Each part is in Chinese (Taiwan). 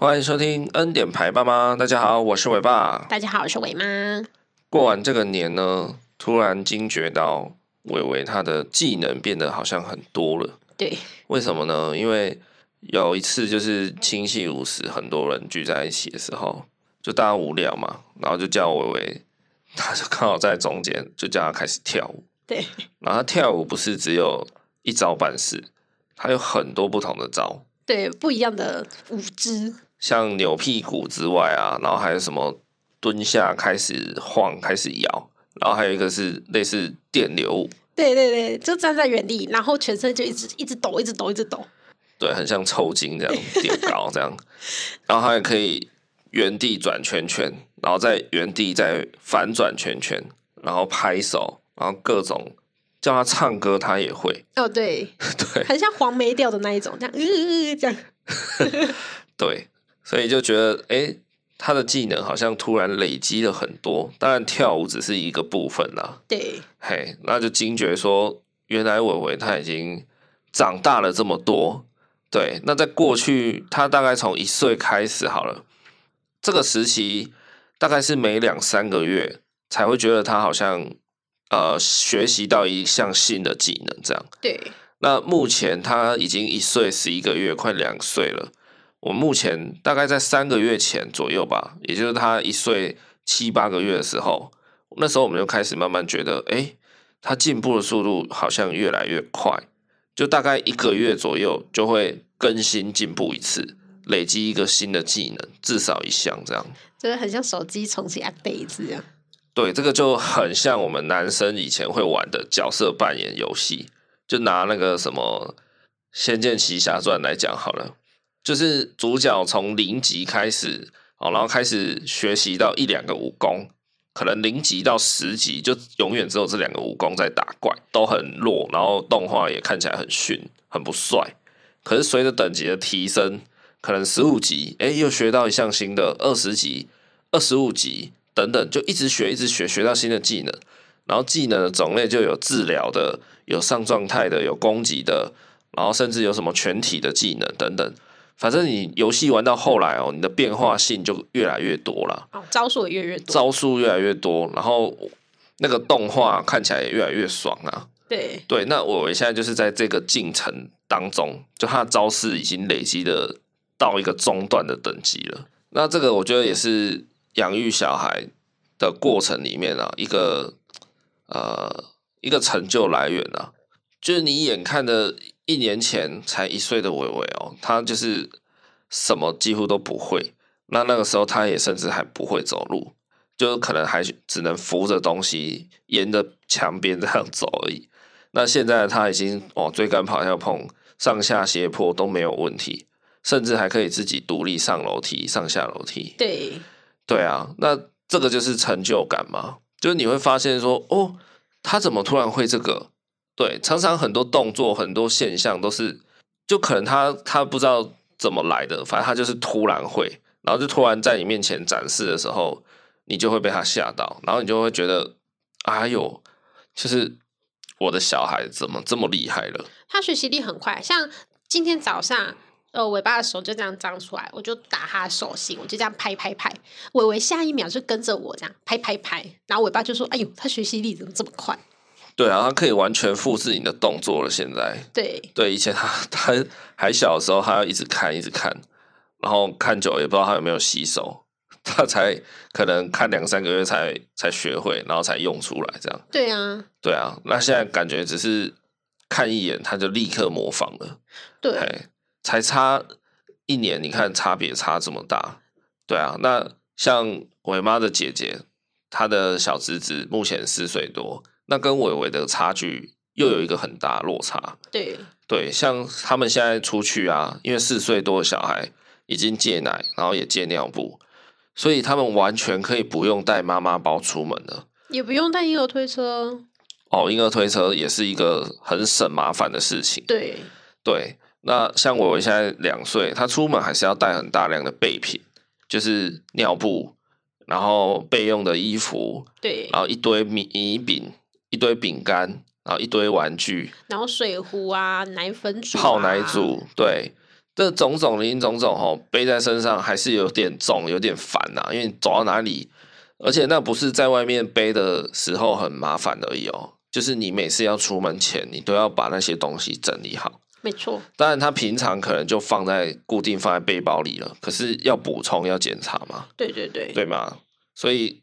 歡迎收聽《恩典牌爸媽》，大家好，我是偉爸。大家好，我是偉媽。過完這個年呢，突然驚覺到偉偉他的技能變得好像很多了。對，為什麼呢？因為有一次就是親戚五十，很多人聚在一起的時候，就大家無聊嘛，然後就叫偉偉，他就剛好在中間，就叫他開始跳舞。對，然後他跳舞不是只有一招半式，他有很多不同的招。對，不一樣的舞姿。像扭屁股之外啊，然後還有什麼蹲下開始晃，開始搖，然後還有一個是類似電流。對對對，就站在原地，然後全身就一直一直抖，一直抖，一直抖。對，很像抽筋這樣，電高這樣。 然後還可以原地轉圈圈，然後在原地再反轉圈圈，然後拍手，然後各種叫他唱歌，他也會。哦，對 對，很像黃梅調的那一種，這樣嗯嗯嗯這樣。 對。所以就覺得，誒、欸、他的技能好像突然累積了很多。當然，跳舞只是一個部分啦。對，嘿，那就驚覺說，原來偉偉他已經長大了這麼多。對，那在過去，他大概從一歲開始好了，這個時期大概是每兩三個月才會覺得他好像呃學習到一項新的技能這樣。對，那目前他已經一歲十一個月，快兩歲了。我目前大概在三個月前左右吧，也就是他一歲七八個月的時候，那時候我們就開始慢慢覺得，哎、欸，他進步的速度好像越來越快，就大概一個月左右就會更新進步一次，累積一個新的技能，至少一項這樣。這個很像手機重新 update 一次這樣。對，這個就很像我們男生以前會玩的角色扮演遊戲，就拿那個什麼《仙劍奇俠傳》來講好了。就是主角從零級開始哦，然後開始學習到一兩個武功，可能零級到十級就永遠只有這兩個武功在打怪，都很弱，然後動畫也看起來很遜，很不帥。可是隨着等級的提升，可能十五級，哎、欸，又學到一項新的；二十級、二十五級等等，就一直學，一直學，學到新的技能。然後技能的種類就有治療的、有上狀態的、有攻擊的，然後甚至有什麼全體的技能等等。反正你遊戲玩到後來哦、喔，你的變化性就越來越多了、哦，招數也越來越多，招數越來越多，然後那個動畫看起來也越來越爽啊。對對，那我現在就是在這個進程當中，就它的招式已經累積的到一個中段的等級了。那這個我覺得也是養育小孩的過程裡面啊，一個呃一個成就來源啊，就是你眼看的。一年前才一歲的偉偉哦，他就是什麼幾乎都不會。那那個時候，他也甚至還不會走路，就可能還只能扶着東西沿着牆邊這樣走而已。那現在他已經哦，追趕跑跳碰上下斜坡都沒有問題，甚至還可以自己獨立上樓梯、上下樓梯。對，對啊。那這個就是成就感嘛？就是你會發現說，哦，他怎麼突然會這個？對，常常很多動作、很多現象都是，就可能他他不知道怎麼來的，反正他就是突然會，然後就突然在你面前展示的時候，你就會被他嚇到，然後你就會覺得，哎呦，就是我的小孩怎麼這麼厲害了？他學習力很快，像今天早上，呃，偉爸的手就這樣張出來，我就打他的手心，我就這樣拍拍拍，偉偉下一秒就跟着我這樣拍拍拍，然後偉爸就說，哎呦，他學習力怎麼這麼快？對啊，他可以完全複製你的動作了。現在對對，以前他他還小的時候，他要一直看，一直看，然後看久了也不知道他有沒有吸收，他才可能看兩三個月才才學會，然後才用出來這樣。對啊，對啊，那現在感覺只是看一眼，他就立刻模仿了。對，才差一年，你看差別差這麼大。對啊，那像偉媽的姐姐，她的小侄子目前四歲多。那跟偉偉的差距又有一個很大的落差。嗯。對對，像他們現在出去啊，因為四歲多的小孩已經戒奶，然後也戒尿布，所以他們完全可以不用帶媽媽包出門了，也不用帶嬰兒推車。哦，嬰兒推車也是一個很省麻煩的事情。對對，那像偉偉現在兩歲，他出門還是要帶很大量的備品，就是尿布，然後備用的衣服，對，然後一堆米米餅。一堆餅乾，然後一堆玩具，然後水壺啊、奶粉煮、啊、泡奶煮，對，這種種林林總總吼，背在身上還是有點重，有點煩吶、啊。因為你走到哪裡，而且那不是在外面背的時候很麻煩而已哦，就是你每次要出門前，你都要把那些東西整理好。沒錯，當然他平常可能就放在固定放在背包裡了，可是要補充要檢查嘛。對對對，對嘛，所以。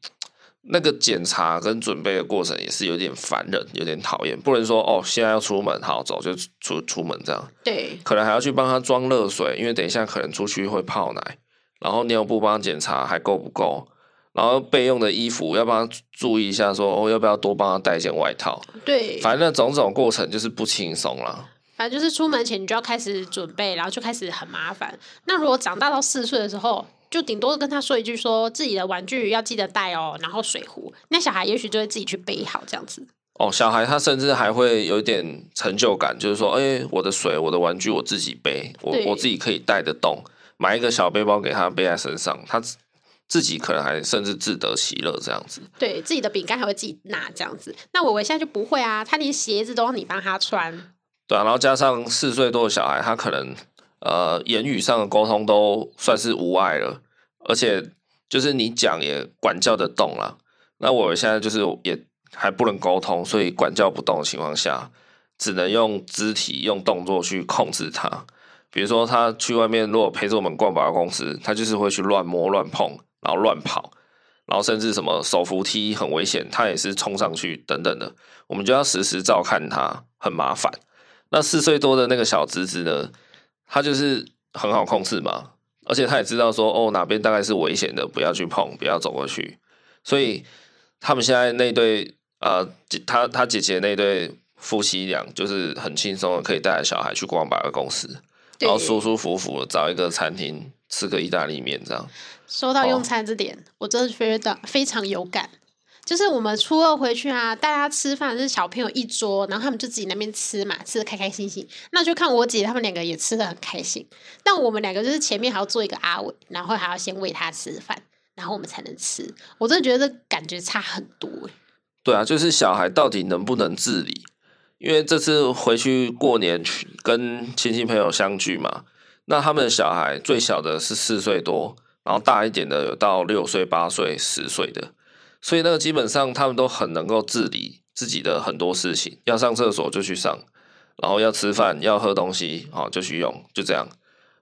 那個檢查跟準備的過程也是有點煩人，有點討厭。不能說哦，現在要出門，好，走，就出出門這樣。對。可能還要去幫他裝熱水，因為等一下可能出去會泡奶，然後尿布幫檢查還夠不夠，然後備用的衣服要幫他注意一下說，說哦，要不要多幫他帶一件外套。對。反正那種種過程就是不輕鬆了。反正就是出門前你就要開始準備，然後就開始很麻煩。那如果長大到四歲的時候，就頂多跟他說一句說，說，自己的玩具要記得帶哦，然後水壺，那小孩也許就會自己去背好這樣子。哦，小孩他甚至還會有一點成就感，就是說，哎、欸，我的水，我的玩具，我自己背，我我自己可以帶得動，買一個小背包給他背在身上，他自己可能還甚至自得其樂這樣子。對自己的餅乾還會自己拿這樣子，那偉偉現在就不會啊，他連鞋子都要你幫他穿。對啊，然後加上四歲多的小孩，他可能，呃，言語上的溝通都算是無礙了，而且就是你講也管教得動了。那我現在就是也還不能溝通，所以管教不動的情況下，只能用肢體、用動作去控制他。比如說，他去外面，如果陪着我們逛百貨公司，他就是會去亂摸、亂碰，然後亂跑，然後甚至什麼手扶梯很危險，他也是衝上去等等的。我們就要時時照看他，很麻煩。那四歲多的那個小侄子呢？他就是很好控制嘛、嗯，而且他也知道說，哦哪邊大概是危險的，不要去碰，不要走過去。所以他們現在那對呃，他他姐姐那對夫妻倆，就是很輕鬆的可以帶着小孩去逛百貨公司，然後舒舒服服的找一個餐廳吃個意大利面這樣。說到用餐這點、哦，我真的覺得非常有感。就是我們初二回去啊，大家吃飯就是小朋友一桌，然後他們就自己那邊吃嘛，吃的開開心心。那就看我姐他們兩個也吃的很開心，但我們兩個就是前面還要做一個阿偉，然後還要先餵他吃飯，然後我們才能吃。我真的覺得這感覺差很多、欸。對啊，就是小孩到底能不能自理？因為這次回去過年跟親戚朋友相聚嘛，那他們的小孩最小的是四歲多，然後大一點的有到六歲、八歲、十歲的。所以那個基本上，他們都很能夠自理自己的很多事情。要上廁所就去上，然後要吃飯要喝東西啊、哦，就去用，就這樣。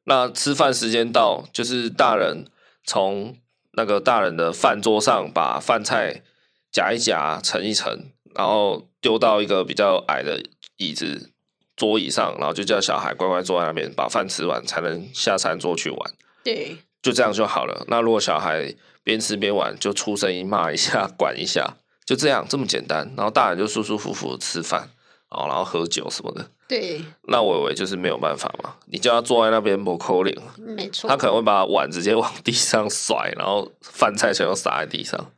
那吃飯時間到，就是大人從那個大人的飯桌上把飯菜夾一夾，盛一盛，然後丟到一個比較矮的椅子桌椅上，然後就叫小孩乖乖坐在那邊，把飯吃完才能下餐桌去玩。對，就這樣就好了。那如果小孩，邊吃邊玩，就出聲音罵一下，管一下，就這樣，這麼簡單。然後大人就舒舒服服的吃飯，然後然後喝酒什麼的。對，那偉偉就是沒有辦法嘛，你就要坐在那邊抹口臉。他可能會把碗直接往地上摔，然後飯菜全都撒在地上。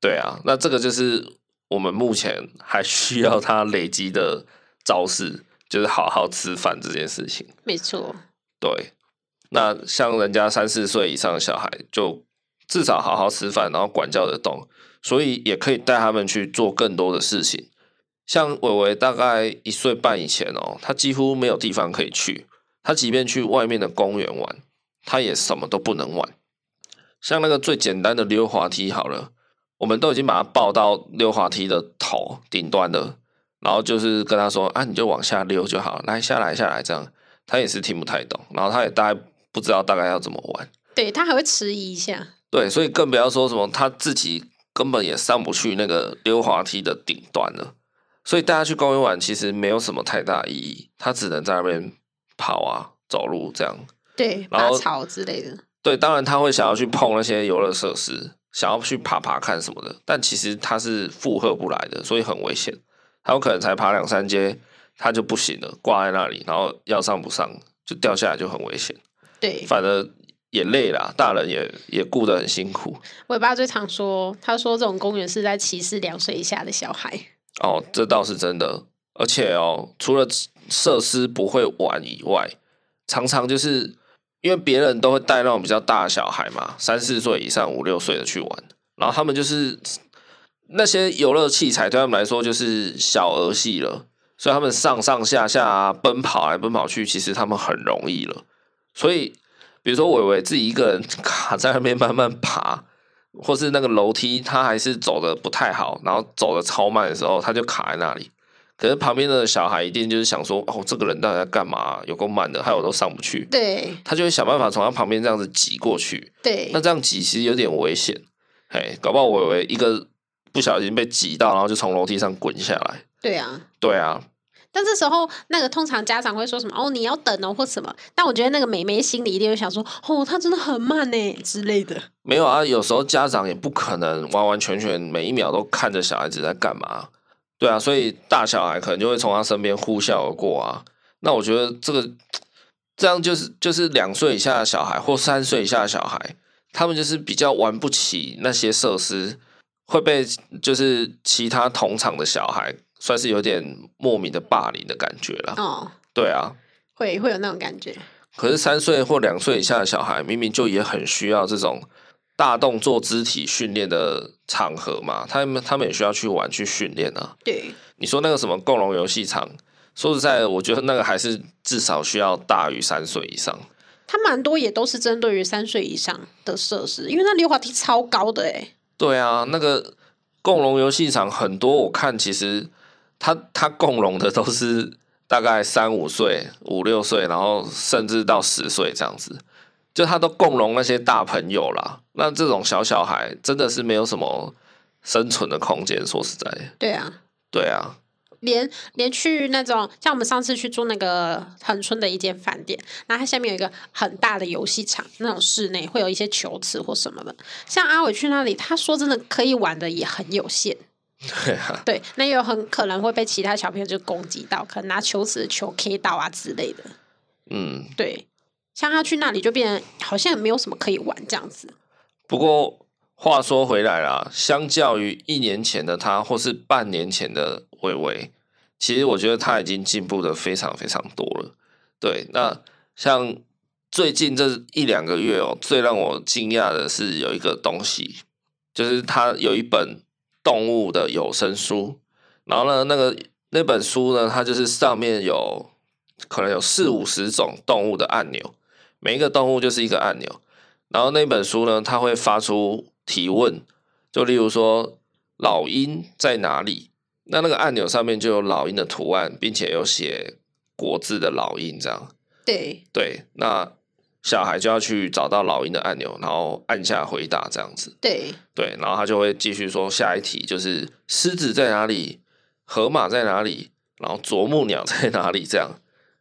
對啊，那這個就是我們目前還需要他累積的招式、嗯，就是好好吃飯這件事情。沒錯，對。那像人家三四歲以上的小孩就。至少好好吃飯，然後管教得動，所以也可以帶他們去做更多的事情。像偉偉大概一歲半以前哦，他幾乎沒有地方可以去。他即便去外面的公園玩，他也什麼都不能玩。像那個最簡單的溜滑梯，好了，我們都已經把他抱到溜滑梯的頭頂端了，然後就是跟他說：“啊，你就往下溜就好了，來下來下來。下來”這樣，他也是聽不太懂，然後他也大概不知道大概要怎麼玩。對，他還會遲疑一下。對，所以更不要說什麼他自己根本也上不去那個溜滑梯的頂端了。所以大家去公園玩其實沒有什麼太大意義，他只能在那邊跑啊、走路這樣。對，拔草之類的。對，當然他會想要去碰那些遊樂設施，想要去爬爬看什麼的，但其實他是負荷不來的，所以很危險。他有可能才爬兩三階，他就不行了，掛在那裡，然後要上不上就掉下來，就很危險。對，反而。也累啦，大人也也顧得很辛苦。偉爸最常說，他說這種公園是在歧視兩歲以下的小孩。哦，這倒是真的。而且哦，除了設施不會玩以外，常常就是因為別人都會帶那種比較大的小孩嘛，三四歲以上，五六歲的去玩，然後他們就是那些遊樂器材對他們來說就是小兒戲了。所以他們上上下下、啊、奔跑來奔跑去，其實他們很容易了，所以。比如說偉偉自己一個人卡在那邊慢慢爬，或是那個樓梯他還是走得不太好，然後走得超慢的時候，他就卡在那裡。可是旁邊的小孩一定就是想說，哦，這個人到底在幹嘛啊？有夠慢的，害我都上不去。對，他就會想辦法從他旁邊這樣子擠過去。對，那這樣擠其實有點危險，嘿，搞不好偉偉一個不小心被擠到，然後就從樓梯上滾下來。對啊，對啊。但這時候，那個通常家長會說什麼？哦，你要等哦，或什麼？但我覺得那個妹妹心裡一定會想說：哦，他真的很慢耶之類的。沒有啊，有時候家長也不可能完完全全每一秒都看着小孩子在幹嘛。對啊，所以大小孩可能就會從他身邊呼嘯而過啊。那我覺得這個這樣就是就是兩歲以下的小孩或三歲以下的小孩，他們就是比較玩不起那些設施，會被就是其他同場的小孩。算是有點莫名的霸凌的感覺了。哦，對啊，會會有那種感覺。可是三歲或兩歲以下的小孩，明明就也很需要這種大動作肢體訓練的場合嘛。他們他們也需要去玩去訓練啊。對，你說那個什麼共融遊戲場，說實在的，我覺得那個還是至少需要大於三歲以上。他蠻多也都是針對於三歲以上的設施，因為那溜滑梯超高的欸。對啊，那個共融遊戲場很多，我看其實。他他共融的都是大概三五歲、五六歲，然後甚至到十歲這樣子，就他都共融那些大朋友啦。那這種小小孩真的是沒有什麼生存的空間，說實在的。對啊，對啊，連連去那種像我們上次去住那個恆春的一間飯店，然後它下面有一個很大的遊戲場，那種室內會有一些球池或什麼的。像阿偉去那裡，他說真的可以玩的也很有限。對啊，對，那也有很可能會被其他小朋友就攻擊到，可能拿球池的球 K 到啊之類的。嗯，對，像他去那裡就變好像也沒有什麼可以玩這樣子。不過話說回來啦，相較於一年前的他，或是半年前的偉偉，其實我覺得他已經進步的非常非常多了。對，那像最近這一兩個月哦，最讓我驚訝的是有一個東西，就是他有一本。動物的有聲書，然後呢，那個那本書呢，它就是上面有可能有四五十種動物的按鈕，每一個動物就是一個按鈕，然後那本書呢，它會發出提問，就例如說老鷹在哪裡，那那個按鈕上面就有老鷹的圖案，並且有寫國字的老鷹這樣，對對，那。小孩就要去找到老鷹的按鈕，然後按下回答這樣子。對對，然後他就會繼續說下一題，就是獅子在哪裡，河馬在哪裡，然後啄木鳥在哪裡這樣。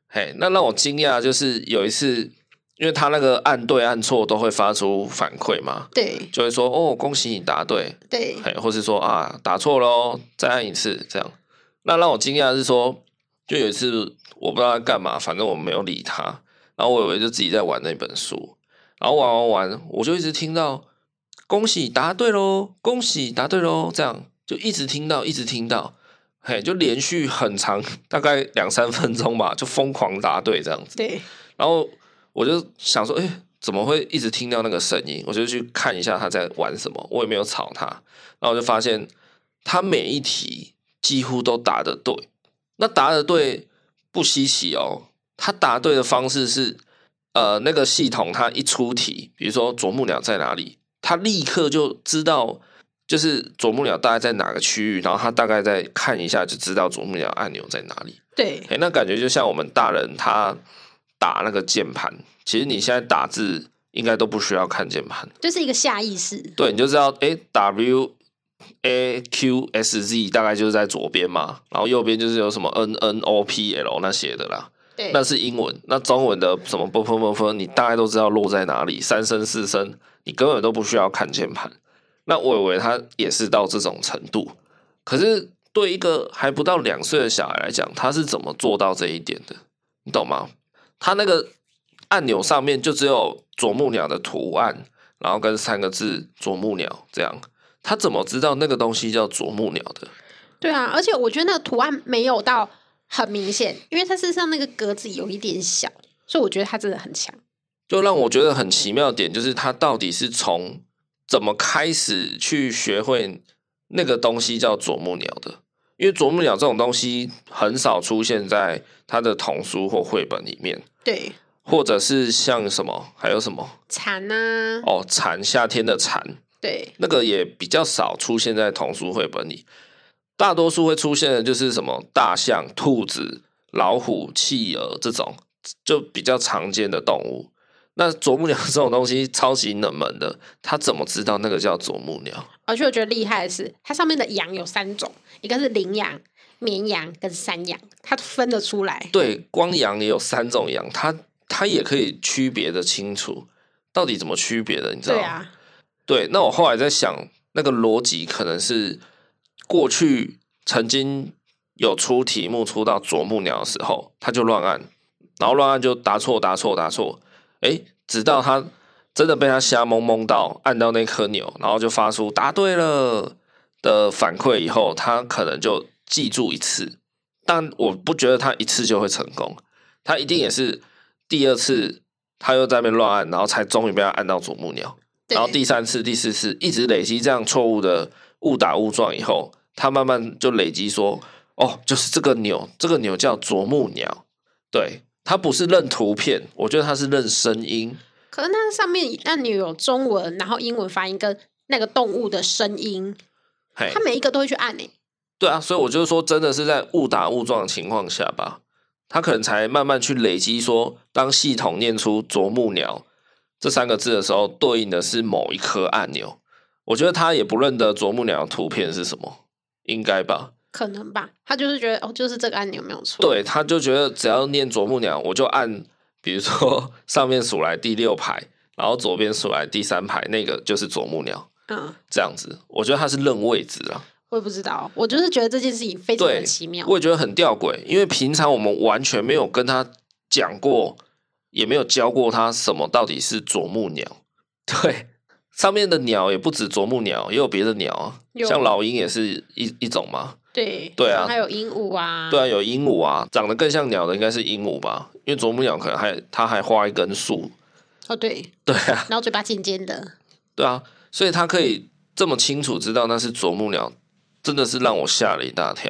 嘿，那讓我驚訝就是有一次，因為他那個按對按錯都會發出反饋嘛，對，就會說哦恭喜你答對，對，嘿，或是說啊答錯咯，再按一次這樣。那讓我驚訝是說，就有一次我不知道他幹嘛，反正我沒有理他。然後我以為就自己在玩那本書，然後玩玩玩，我就一直聽到恭喜答對嘍，恭喜答對嘍，這樣就一直聽到，一直聽到，嘿，就連續很長，大概兩三分鐘吧，就瘋狂答對這樣子。對。然後我就想說，哎，怎麼會一直聽到那個聲音？我就去看一下他在玩什麼，我也沒有吵他。然後我就發現他每一題幾乎都答得對，那答得對不稀奇哦。他答對的方式是，呃，那個系統它一出題，比如說啄木鳥在哪裡，他立刻就知道，就是啄木鳥大概在哪個區域，然後他大概再看一下就知道啄木鳥按鈕在哪裡。對。誒、欸，那感覺就像我們大人他打那個鍵盤，其實你現在打字應該都不需要看鍵盤，就是一個下意識。對，你就知道，誒、欸、W A Q S Z 大概就是在左邊嘛，然後右邊就是有什麼 N N O P L 那些的啦。那是英文，那中文的什麼“啵啵啵啵”，你大概都知道落在哪裡，三聲四聲，你根本都不需要看鍵盤。那我以為他也是到這種程度，可是對一個還不到兩歲的小孩來講，他是怎麼做到這一點的？你懂嗎？他那個按鈕上面就只有啄木鳥的圖案，然後跟三個字“啄木鳥”這樣，他怎麼知道那個東西叫啄木鳥的？對啊，而且我覺得那圖案沒有到。很明顯，因為他身上那個格子有一點小，所以我覺得他真的很強。就讓我覺得很奇妙的點，就是他到底是從怎麼開始去學會那個東西叫啄木鳥的？因為啄木鳥這種東西很少出現在他的童書或繪本裡面。對，或者是像什麼，還有什麼蠶啊？哦，蠶，夏天的蠶，對，那個也比較少出現在童書繪本裡。大多數會出現的就是什麼大象、兔子、老虎、企鵝這種就比較常見的動物。那啄木鳥這種東西超級冷門的，它怎麼知道那個叫啄木鳥？而且我覺得厲害的是，它上面的羊有三種，一個是羚羊、綿羊跟山羊，它分得出來。對，光羊也有三種羊，它它也可以區別的清楚，到底怎麼區別的？你知道嗎？對啊。對，那我後來在想，那個邏輯可能是。過去曾經，有出題目出到啄木鳥的時候，他就亂按，然後亂按就答錯，答錯，答錯。誒、欸，直到他真的被他瞎濛濛到按到那顆鈕，然後就發出答對了的反饋以後，他可能就記住一次。但我不覺得他一次就會成功，他一定也是第二次他又在那邊亂按，然後才終於被他按到啄木鳥，然後第三次、第四次一直累積這樣錯誤的誤打誤撞以後，他慢慢就累積說：“哦，就是這個鈕，這個鈕叫啄木鳥。”對，他不是認圖片，我覺得他是認聲音。可能那上面按鈕有中文，然後英文發音跟那個動物的聲音，嘿，他每一個都會去按誒。對啊，所以我就說，真的是在誤打誤撞的情況下吧，他可能才慢慢去累積說，當系統念出“啄木鳥”這三個字的時候，對應的是某一顆按鈕。我覺得他也不認得啄木鳥的圖片是什麼。應該吧，可能吧，他就是覺得哦，就是這個按鈕沒有錯。對，他就覺得只要念啄木鳥，我就按，比如說上面數來第六排，然後左邊數來第三排，那個就是啄木鳥。嗯，這樣子，我覺得他是認位置啊，我也不知道，我就是覺得這件事情非常的奇妙。對。我也覺得很吊詭，因為平常我們完全沒有跟他講過，也沒有教過他什麼到底是啄木鳥。對。上面的鳥也不止啄木鳥，也有別的鳥啊，像老鷹也是一一種嘛？對對啊，還有鸚鵡啊，對啊，有鸚鵡啊，長得更像鳥的應該是鸚鵡吧？因為啄木鳥可能還它還畫一根樹哦，對對啊，然後嘴巴尖尖的，對啊，所以它可以這麼清楚知道那是啄木鳥，真的是讓我嚇了一大跳。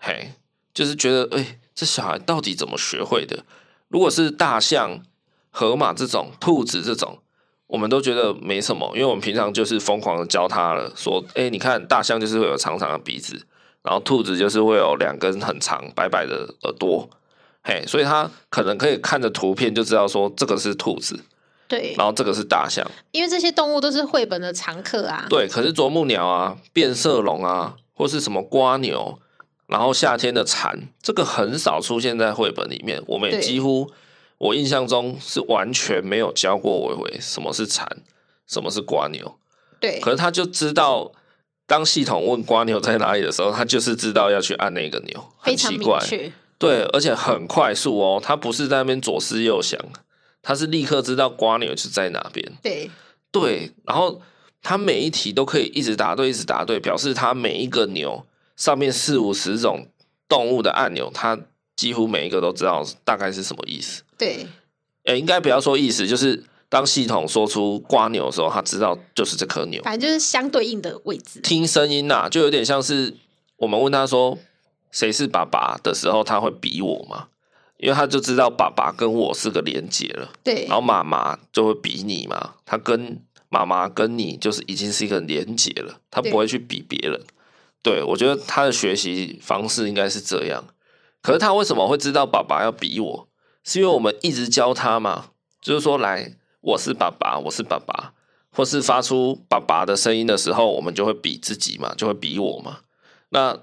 嘿，就是覺得哎、欸，這小孩到底怎麼學會的？如果是大象、河馬這種、兔子這種。我們都覺得沒什麼，因為我們平常就是瘋狂的教他了，說：“哎、欸，你看大象就是會有長長的鼻子，然後兔子就是會有兩根很長白白的耳朵，嘿，所以他可能可以看着圖片就知道說這個是兔子，對，然後這個是大象，因為這些動物都是繪本的常客啊。對，可是啄木鳥啊、變色龍啊、嗯，或是什麼蝸牛，然後夏天的蟬，這個很少出現在繪本裡面，我們也幾乎。我印象中是完全沒有教過偉偉什麼是蠶，什麼是蝸牛，對，可是他就知道，當系統問蝸牛在哪裡的時候，他就是知道要去按那個鈕，很奇怪，非常明確，對，而且很快速哦，他不是在那邊左思右想，他是立刻知道蝸牛是在哪邊，對對，然後他每一題都可以一直答對，一直答對，表示他每一個牛上面四五十種動物的按鈕，他。幾乎每一個都知道大概是什麼意思。對，誒、欸，應該不要說意思，就是當系統說出“蝸牛”的時候，他知道就是這顆鈕。反正就是相對應的位置。聽聲音啊，就有點像是我們問他說“誰是爸爸”的時候，他會比我嗎？因為他就知道爸爸跟我是個連結了。對，然後媽媽就會比你嘛，他跟媽媽跟你就是已經是一個連結了，他不會去比別人對。對，我覺得他的學習方式應該是這樣。可是他為什麼會知道爸爸要比我？是因為我們一直教他嘛，就是說，來，我是爸爸，我是爸爸，或是發出爸爸的聲音的時候，我們就會比自己嘛，就會比我嘛。那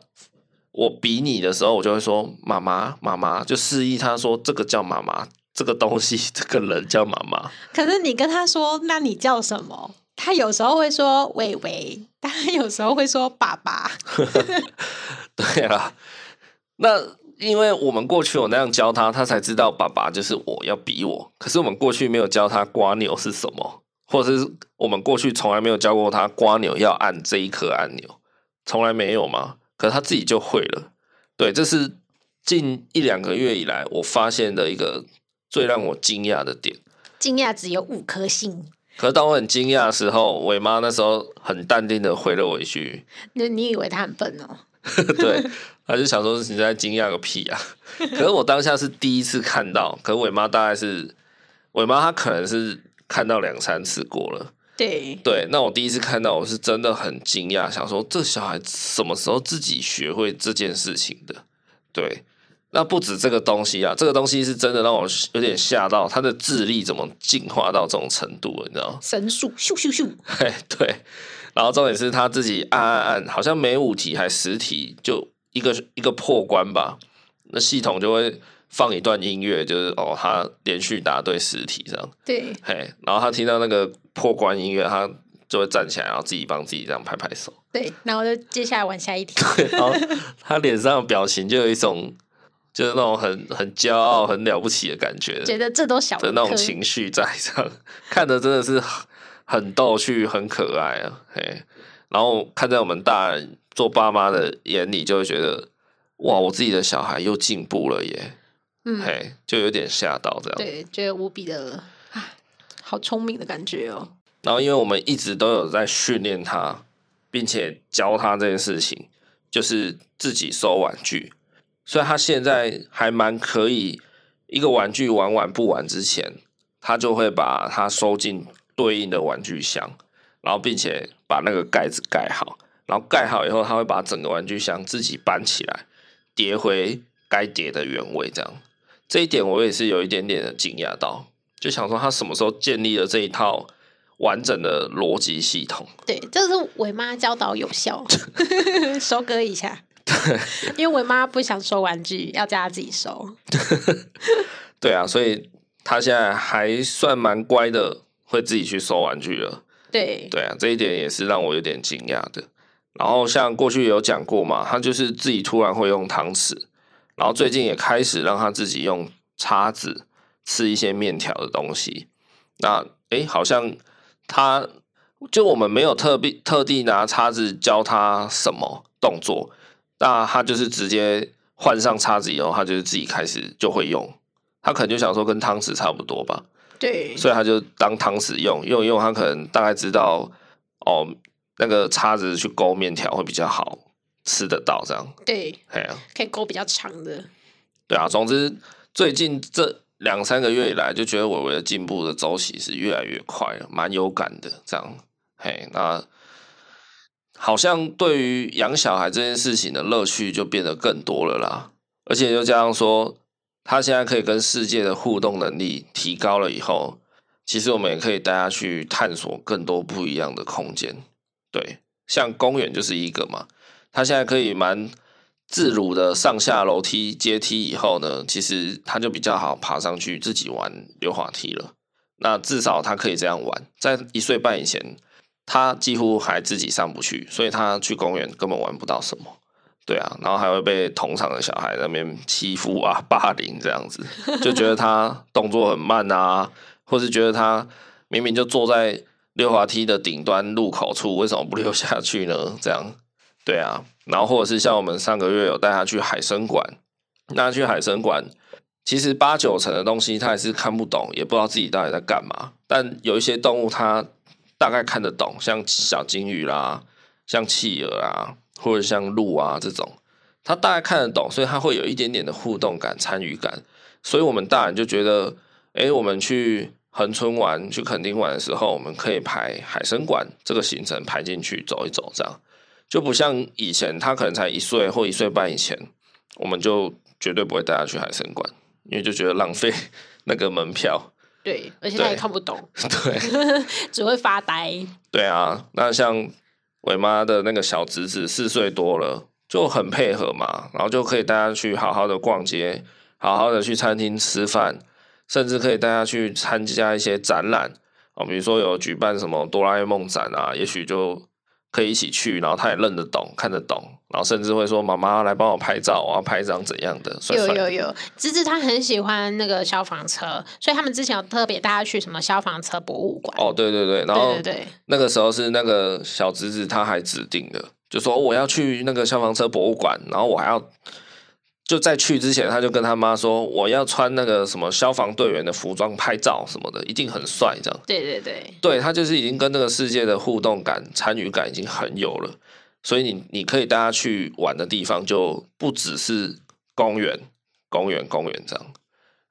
我比你的時候，我就會說媽媽，媽媽，就示意他說這個叫媽媽，這個東西，這個人叫媽媽。可是你跟他說，那你叫什麼？他有時候會說偉偉，但他有時候會說爸爸。 對啊，那。因為我們過去有那樣教他，他才知道爸爸就是我要比我。可是我們過去沒有教他蝸牛是什麼，或者是我們過去從來沒有教過他蝸牛要按這一顆按鈕，從來沒有嗎？可是他自己就會了。對，這是近一兩個月以來我發現的一個最讓我驚訝的點。驚訝只有五顆星。可是當我很驚訝的時候，偉媽那時候很淡定的回了我一句：“那你以為他很笨哦？” 對，他就想說你在驚訝個屁啊！ 可是我當下是第一次看到，可是偉媽大概是偉媽，她可能是看到兩三次過了。對對，那我第一次看到，我是真的很驚訝，想說這小孩什麼時候自己學會這件事情的？對，那不止這個東西啊，這個東西是真的讓我有點嚇到，他的智力怎麼進化到這種程度？你知道，神速咻咻咻！哎， 對。然後重點是他自己按按按，好像每五題還十題，就一個一個破關吧。那系統就會放一段音樂，就是哦，他連續答對十題這樣。對。嘿，然後他聽到那個破關音樂，他就會站起來，然後自己幫自己這樣拍拍手。對，然後就接下來玩下一題。對。然後他臉上的表情就有一種，就是那種很很驕傲、很了不起的感覺。覺得這都小的那種情緒在上，看得真的是。很逗趣，很可愛啊！嘿，然後看在我們大人做爸媽的眼裡，就會覺得哇，我自己的小孩又進步了耶，嗯！嘿，就有點嚇到這樣。對，覺得無比的哎，好聰明的感覺哦，喔。然後，因為我們一直都有在訓練他，並且教他這件事情，就是自己收玩具，所以他現在還蠻可以。一個玩具玩完不玩之前，他就會把它收進對應的玩具箱，然後並且把那個蓋子蓋好，然後蓋好以後，他會把整個玩具箱自己搬起來，疊回該疊的原位這樣。這一點我也是有一點點的驚訝到，就想說他什麼時候建立了這一套完整的邏輯系統？對，這是偉媽教導有效， 收割一下。對，因為偉媽不想收玩具，要叫他自己收。 對啊，所以他現在還算蠻乖的。會自己去收玩具了，對對啊，這一點也是讓我有點驚訝的。然後像過去有講過嘛，他就是自己突然會用湯匙，然後最近也開始讓他自己用叉子吃一些麵條的東西。那哎，好像他就我們沒有特別特地拿叉子教他什麼動作，那他就是直接換上叉子以後，他就是自己開始就會用，他可能就想說跟湯匙差不多吧。對，所以他就當湯匙用，用一用，他可能大概知道，哦，那個叉子去勾麵條會比較好吃得到，這樣對，嘿啊，可以勾比較長的，對啊。總之，最近這兩三個月以來，就覺得偉偉的進步的週期是越來越快，蠻有感的。這樣，嘿，那好像對於養小孩這件事情的樂趣就變得更多了啦，而且又加上說，他現在可以跟世界的互動能力提高了以後，其實我們也可以帶他去探索更多不一樣的空間。對，像公園就是一個嘛。他現在可以蠻自如的上下樓梯、階梯以後呢，其實他就比較好爬上去，自己玩溜滑梯了。那至少他可以這樣玩。在一歲半以前，他幾乎還自己上不去，所以他去公園根本玩不到什麼。對啊，然後還會被同場的小孩在那邊欺負啊、霸凌這樣子，就覺得他動作很慢啊， 或是覺得他明明就坐在溜滑梯的頂端入口處，為什麼不溜下去呢？這樣。對啊，然後或者是像我們上個月有帶他去海生館，那去海生館，其實八九成的東西他也是看不懂，也不知道自己到底在幹嘛。但有一些動物他大概看得懂，像小金魚啦，像企鵝啦。或者像鹿啊這種，他大概看得懂，所以他會有一點點的互動感、參與感。所以我們大人就覺得，哎、欸，我們去恆春玩，去墾丁玩的時候，我們可以排海生館這個行程排進去走一走，這樣就不像以前他可能才一歲或一歲半以前，我們就絕對不會帶他去海生館，因為就覺得浪費那個門票。對，而且他也看不懂，對，對 只會發呆。對啊，那像。偉媽的那個小侄子四歲多了，就很配合嘛，然後就可以帶他去好好的逛街，好好的去餐廳吃飯，甚至可以帶他去參加一些展覽啊，比如說有舉辦什麼哆啦 A 夢展啊，也許就。可以一起去，然後他也認得懂、看得懂，然後甚至會說：“媽媽來幫我拍照，我要拍一張怎樣的？”算算的有有有，侄子他很喜歡那個消防車，所以他們之前有特別帶他去什麼消防車博物館。哦，對對對，然後對，對，對，那個時候是那個小侄子他還指定的，就說我要去那個消防車博物館，然後我還要。就在去之前，他就跟他媽說：“我要穿那個什麼消防隊員的服裝拍照什麼的，一定很帥這樣。”對對對，對，他就是已經跟那個世界的互動感、參與感已經很有了，所以你你可以帶他去玩的地方就不只是公園、公園、公園這樣。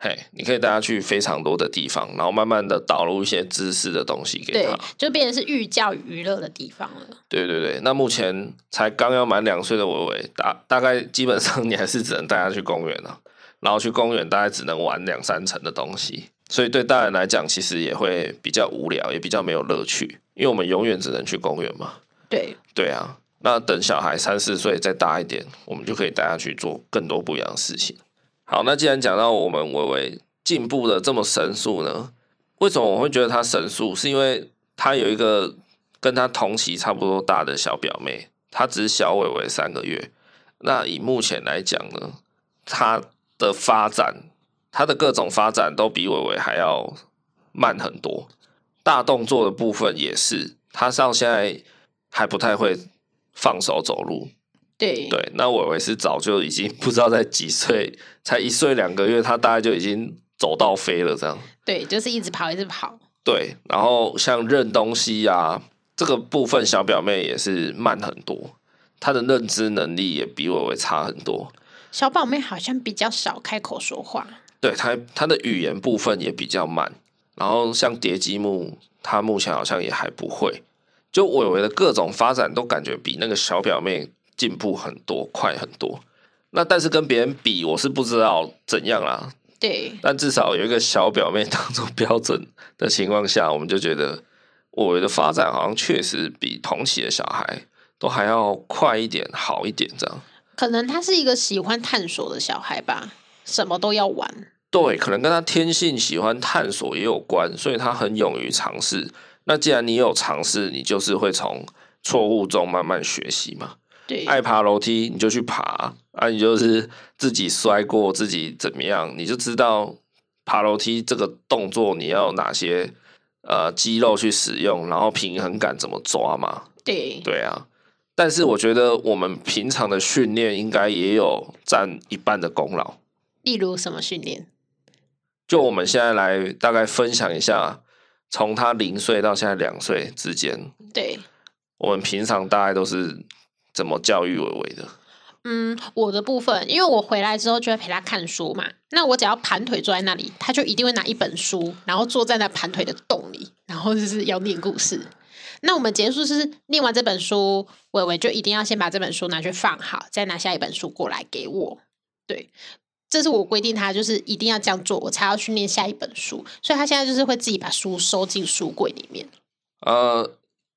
嘿，你可以帶他去非常多的地方，然後慢慢的導入一些知識的東西給他，對，就變成是寓教於樂的地方了。對對對，那目前才剛要滿兩歲的偉偉，大大概基本上你還是只能帶他去公園啊，然後去公園大概只能玩兩三層的東西，所以對大人來講其實也會比較無聊，也比較沒有樂趣，因為我們永遠只能去公園嘛。對，對啊，那等小孩三四歲再大一點，我們就可以帶他去做更多不一樣的事情。好，那既然講到我們偉偉進步的這麼神速呢，為什麼我會覺得他神速？是因為他有一個跟他同期差不多大的小表妹，他只是小偉偉三個月。那以目前來講呢，他的發展，他的各種發展都比偉偉還要慢很多，大動作的部分也是，他到現在還不太會放手走路。對對，那偉偉是早就已經不知道在幾歲，才一歲兩個月，他大概就已經走到飛了這樣。對，就是一直跑，一直跑。對，然後像認東西呀、啊，這個部分小表妹也是慢很多，她的認知能力也比偉偉差很多。小表妹好像比較少開口說話，對，她她的語言部分也比較慢。然後像疊積木，她目前好像也還不會。就偉偉的各種發展都感覺比那個小表妹。進步很多，快很多。那但是跟別人比，我是不知道怎樣啦。對，但至少有一個小表妹當作標準的情況下，我們就覺得我的發展好像確實比同期的小孩都還要快一點，好一點這樣。可能他是一個喜歡探索的小孩吧，什麼都要玩。對，可能跟他天性喜歡探索也有關，所以他很勇於嘗試。那既然你有嘗試，你就是會從錯誤中慢慢學習嘛。對，愛爬樓梯，你就去爬啊！你就是自己摔過，自己怎麼樣，你就知道爬樓梯這個動作你要哪些呃肌肉去使用，然後平衡感怎麼抓嘛。對對啊，但是我覺得我們平常的訓練應該也有占一半的功勞。例如什麼訓練？就我們現在來大概分享一下，從他零歲到現在兩歲之間，對，我們平常大概都是。怎麼教育偉偉的？嗯，我的部分，因為我回來之後就會陪他看書嘛。那我只要盤腿坐在那裡，他就一定會拿一本書，然後坐在那盤腿的洞裡，然後就是要念故事。那我們結束、就是念完這本書，偉偉就一定要先把這本書拿去放好，再拿下一本書過來給我。對，這是我規定他就是一定要這樣做，我才要去念下一本書。所以他現在就是會自己把書收進書櫃裡面。呃。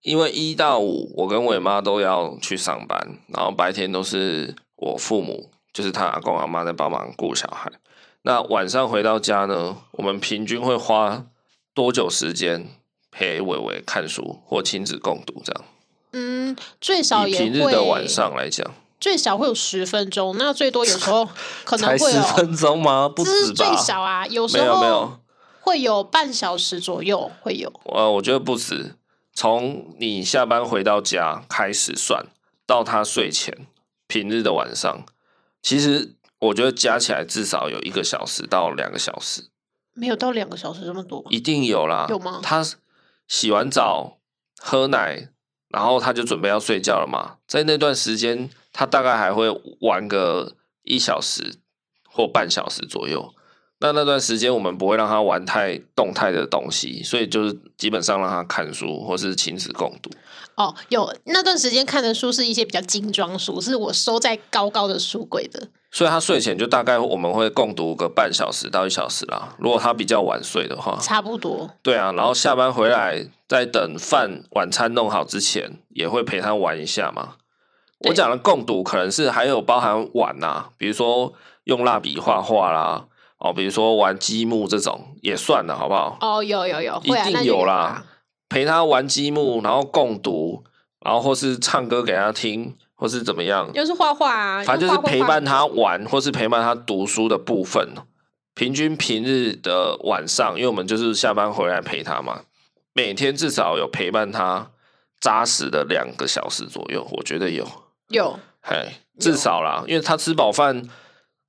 因為一到五，我跟偉媽都要去上班，然後白天都是我父母，就是他阿公阿媽在幫忙顧小孩。那晚上回到家呢，我們平均會花多久時間陪偉偉看書或親子共讀？這樣？嗯，最少也會以平日的晚上來講，最少會有十分鐘。那最多有時候可能會有 十分鐘嗎？不止吧？最少啊，有時候沒有，沒有，會有半小時左右，會有。有有呃，我覺得不止。從你下班回到家開始算，到他睡前平日的晚上，其實我覺得加起來至少有一個小時到兩個小時。沒有到兩個小時這麼多，一定有啦。有嗎？他洗完澡喝奶，然後他就準備要睡覺了嘛，在那段時間他大概還會玩個一小時或半小時左右。那那段時間我們不會讓他玩太動態的東西，所以就是基本上讓他看書或是親子共讀。哦，有那段時間看的書是一些比較精裝書，是我收在高高的書櫃的。所以他睡前就大概我們會共讀個半小時到一小時啦。如果他比較晚睡的話，差不多。對啊，然後下班回來在等飯晚餐弄好之前，也會陪他玩一下嘛。我講的共讀可能是還有包含玩吶、啊，比如說用蠟筆畫畫啦。哦，比如說玩積木這種，也算了，好不好？哦，有有有，會啊、一定有啦有。陪他玩積木、嗯，然後共讀，然後或是唱歌給他聽，或是怎麼樣？又是畫畫啊，反正就是陪伴他玩畫畫畫，或是陪伴他讀書的部分。平均平日的晚上，因為我們就是下班回來陪他嘛，每天至少有陪伴他紮實的兩個小時左右，我覺得有有，嗨，至少啦，因為他吃飽飯。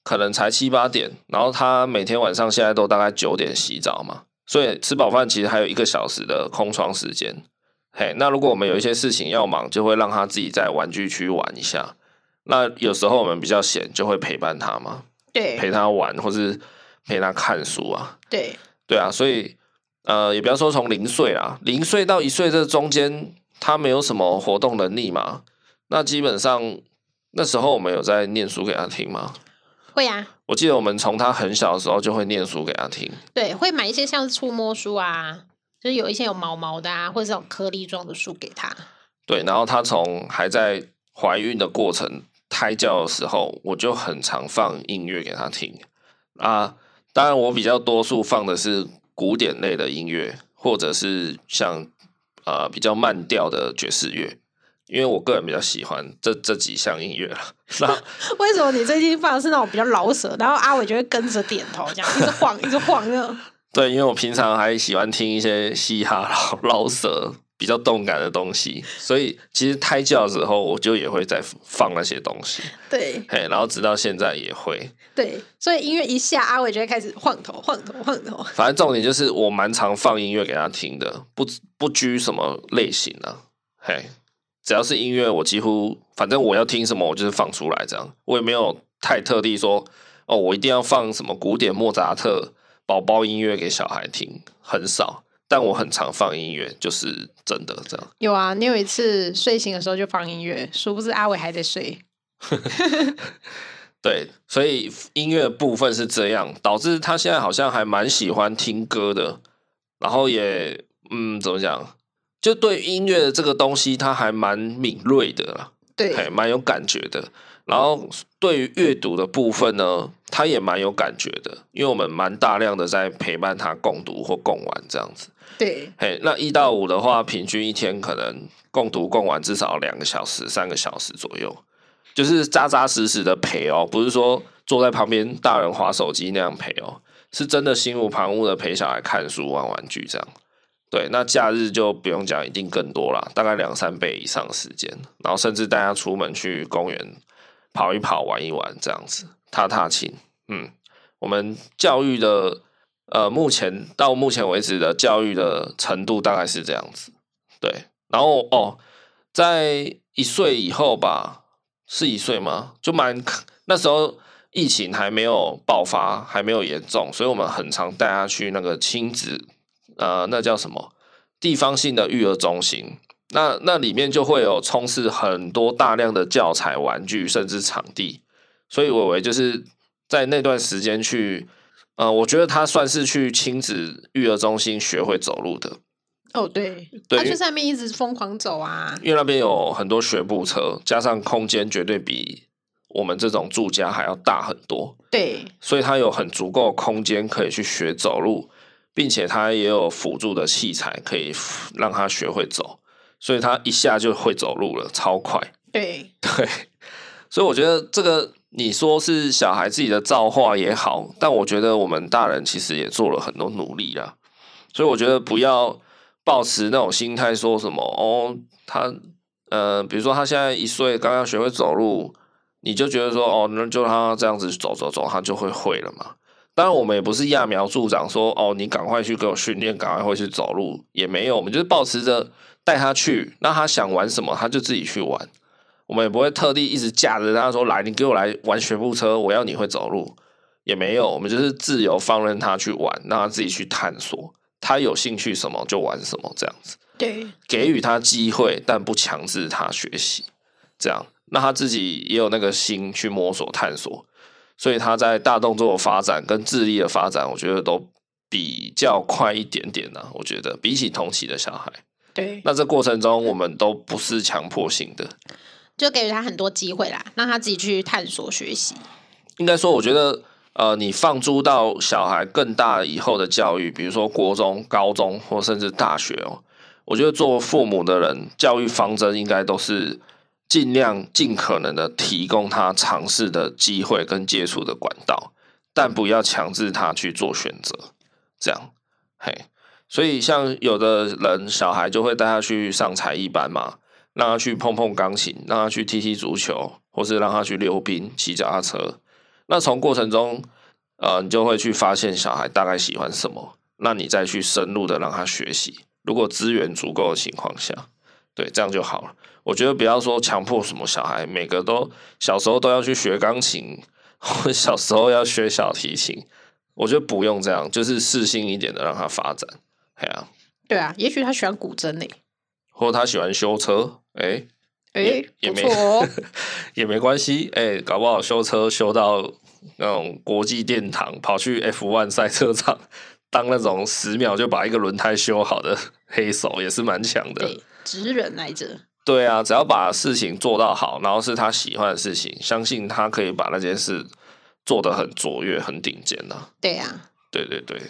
可能才七八點，然後他每天晚上現在都大概九點洗澡嘛，所以吃飽飯其實還有一個小時的空窗時間。嘿、hey，那如果我們有一些事情要忙，就會讓他自己在玩具區玩一下。那有時候我們比較閒，就會陪伴他嘛，對，陪他玩或是陪他看書啊。對，對啊，所以呃，也比方說從零歲啊，零歲到一歲這中間，他沒有什麼活動能力嘛，那基本上那時候我們有在念書給他聽嘛會呀，我記得我們從他很小的時候就會念書給他聽。對，會買一些像觸摸書啊，就是有一些有毛毛的啊，或者這種顆粒狀的書給他。對，然後他從還在懷孕的過程胎教的時候，我就很常放音樂給他聽啊。當然，我比較多數放的是古典類的音樂，或者是像呃比較慢調的爵士樂。因為我個人比較喜歡這這幾項音樂了，是吧？為什麼你最近放的是那種比較饒舌？ 然後阿偉就會跟着點頭，這樣一直晃，一直晃的。 對，因為我平常還喜歡聽一些嘻哈饒、饒舌，比較動感的東西，所以其實胎教的時候，我就也會在放那些東西。 對，嘿，然後直到現在也會。對，所以音樂一下，阿偉就會開始晃頭、晃頭、晃頭。反正重點就是，我蠻常放音樂給他聽的，不不拘什麼類型啊，嘿。只要是音樂，我幾乎反正我要聽什麼，我就是放出來這樣。我也沒有太特地說哦，我一定要放什麼古典莫扎特寶寶音樂給小孩聽，很少。但我很常放音樂，就是真的這樣。有啊，你有一次睡醒的時候就放音樂，殊不知阿偉還在睡。 對，所以音樂部分是這樣，導致他現在好像還蠻喜歡聽歌的。然後也嗯，怎麼講？就對音樂的這個東西它蠻，他還蠻敏銳的，對，蠻有感覺的。然後對於閱讀的部分呢，他也蠻有感覺的，因為我們蠻大量的在陪伴他共讀或共玩這樣子。對，那一到五的話，平均一天可能共讀共玩至少兩個小時、三個小時左右，就是扎扎實實的陪哦、喔，不是說坐在旁邊大人滑手機那樣陪哦、喔，是真的心無旁騖的陪小孩看書、玩玩具這樣。對，那假日就不用講，一定更多啦，大概兩三倍以上時間。然後甚至帶他出門去公園跑一跑、玩一玩，這樣子踏踏青。嗯，我們教育的呃，目前到目前為止的教育的程度大概是這樣子。對，然後哦，在一歲以後吧，是一歲嗎？就蠻那時候疫情還沒有爆發，還沒有嚴重，所以我們很常帶他去那個親子。呃，那叫什麼地方性的育兒中心？那那裡面就會有充斥很多大量的教材、玩具，甚至場地。所以偉偉就是在那段時間去，呃，我覺得他算是去親子育兒中心學會走路的。哦，對，對他就在那邊一直瘋狂走啊，因為那邊有很多學步車，加上空間絕對比我們這種住家還要大很多。對，所以他有很足夠空間可以去學走路。並且他也有輔助的器材，可以讓他學會走，所以他一下就會走路了，超快。對、欸、對，所以我覺得這個你說是小孩自己的造化也好，但我覺得我們大人其實也做了很多努力啦，所以我覺得不要抱持那種心態，說什麼哦，他呃，比如說他現在一歲剛剛學會走路，你就覺得說哦，那就讓他這樣子走走走，他就會會了嘛。當然，我們也不是揠苗助長說，說哦，你趕快去給我訓練，趕快回去走路，也沒有。我們就是保持着帶他去，那他想玩什麼，他就自己去玩。我們也不會特地一直架着他說：“來，你給我來玩學步車，我要你會走路。”也沒有。我們就是自由放任他去玩，讓他自己去探索，他有興趣什麼就玩什麼，這樣子。對，給予他機會，但不強制他學習，這樣，那他自己也有那個心去摸索探索。所以他在大動作的發展跟智力的發展，我覺得都比較快一點點，啊、我覺得比起同期的小孩，對，那這過程中我們都不是強迫性的，就給予他很多機會啦，讓他自己去探索學習。應該說，我覺得呃，你放諸到小孩更大以後的教育，比如說國中、高中或甚至大學哦、喔，我覺得做父母的人教育方針應該都是，盡量盡可能的提供他嘗試的機會跟接觸的管道，但不要強制他去做選擇。這樣，嘿，所以像有的人小孩就會帶他去上才藝班嘛，讓他去碰碰鋼琴，讓他去踢踢足球，或是讓他去溜冰、騎腳踏車。那從過程中，呃，你就會去發現小孩大概喜歡什麼，那你再去深入的讓他學習。如果資源足夠的情況下，對，這樣就好了。我覺得不要說強迫什麼小孩，每個都小時候都要去學鋼琴，或者小時候要學小提琴，我覺得不用這樣，就是適性一點的讓他發展。對啊，對啊也許他喜歡古箏嘞、欸，或者他喜歡修車，哎、欸、哎、欸、也，也沒錯、哦、 也沒關係、欸，搞不好修車修到那種國際殿堂，跑去 F One 賽車場當那種十秒就把一個輪胎修好的黑手，也是蠻強的，職人來着。對啊，只要把事情做到好，然後是他喜歡的事情，相信他可以把那件事做得很卓越、很頂尖的、啊。對呀、啊，對對對，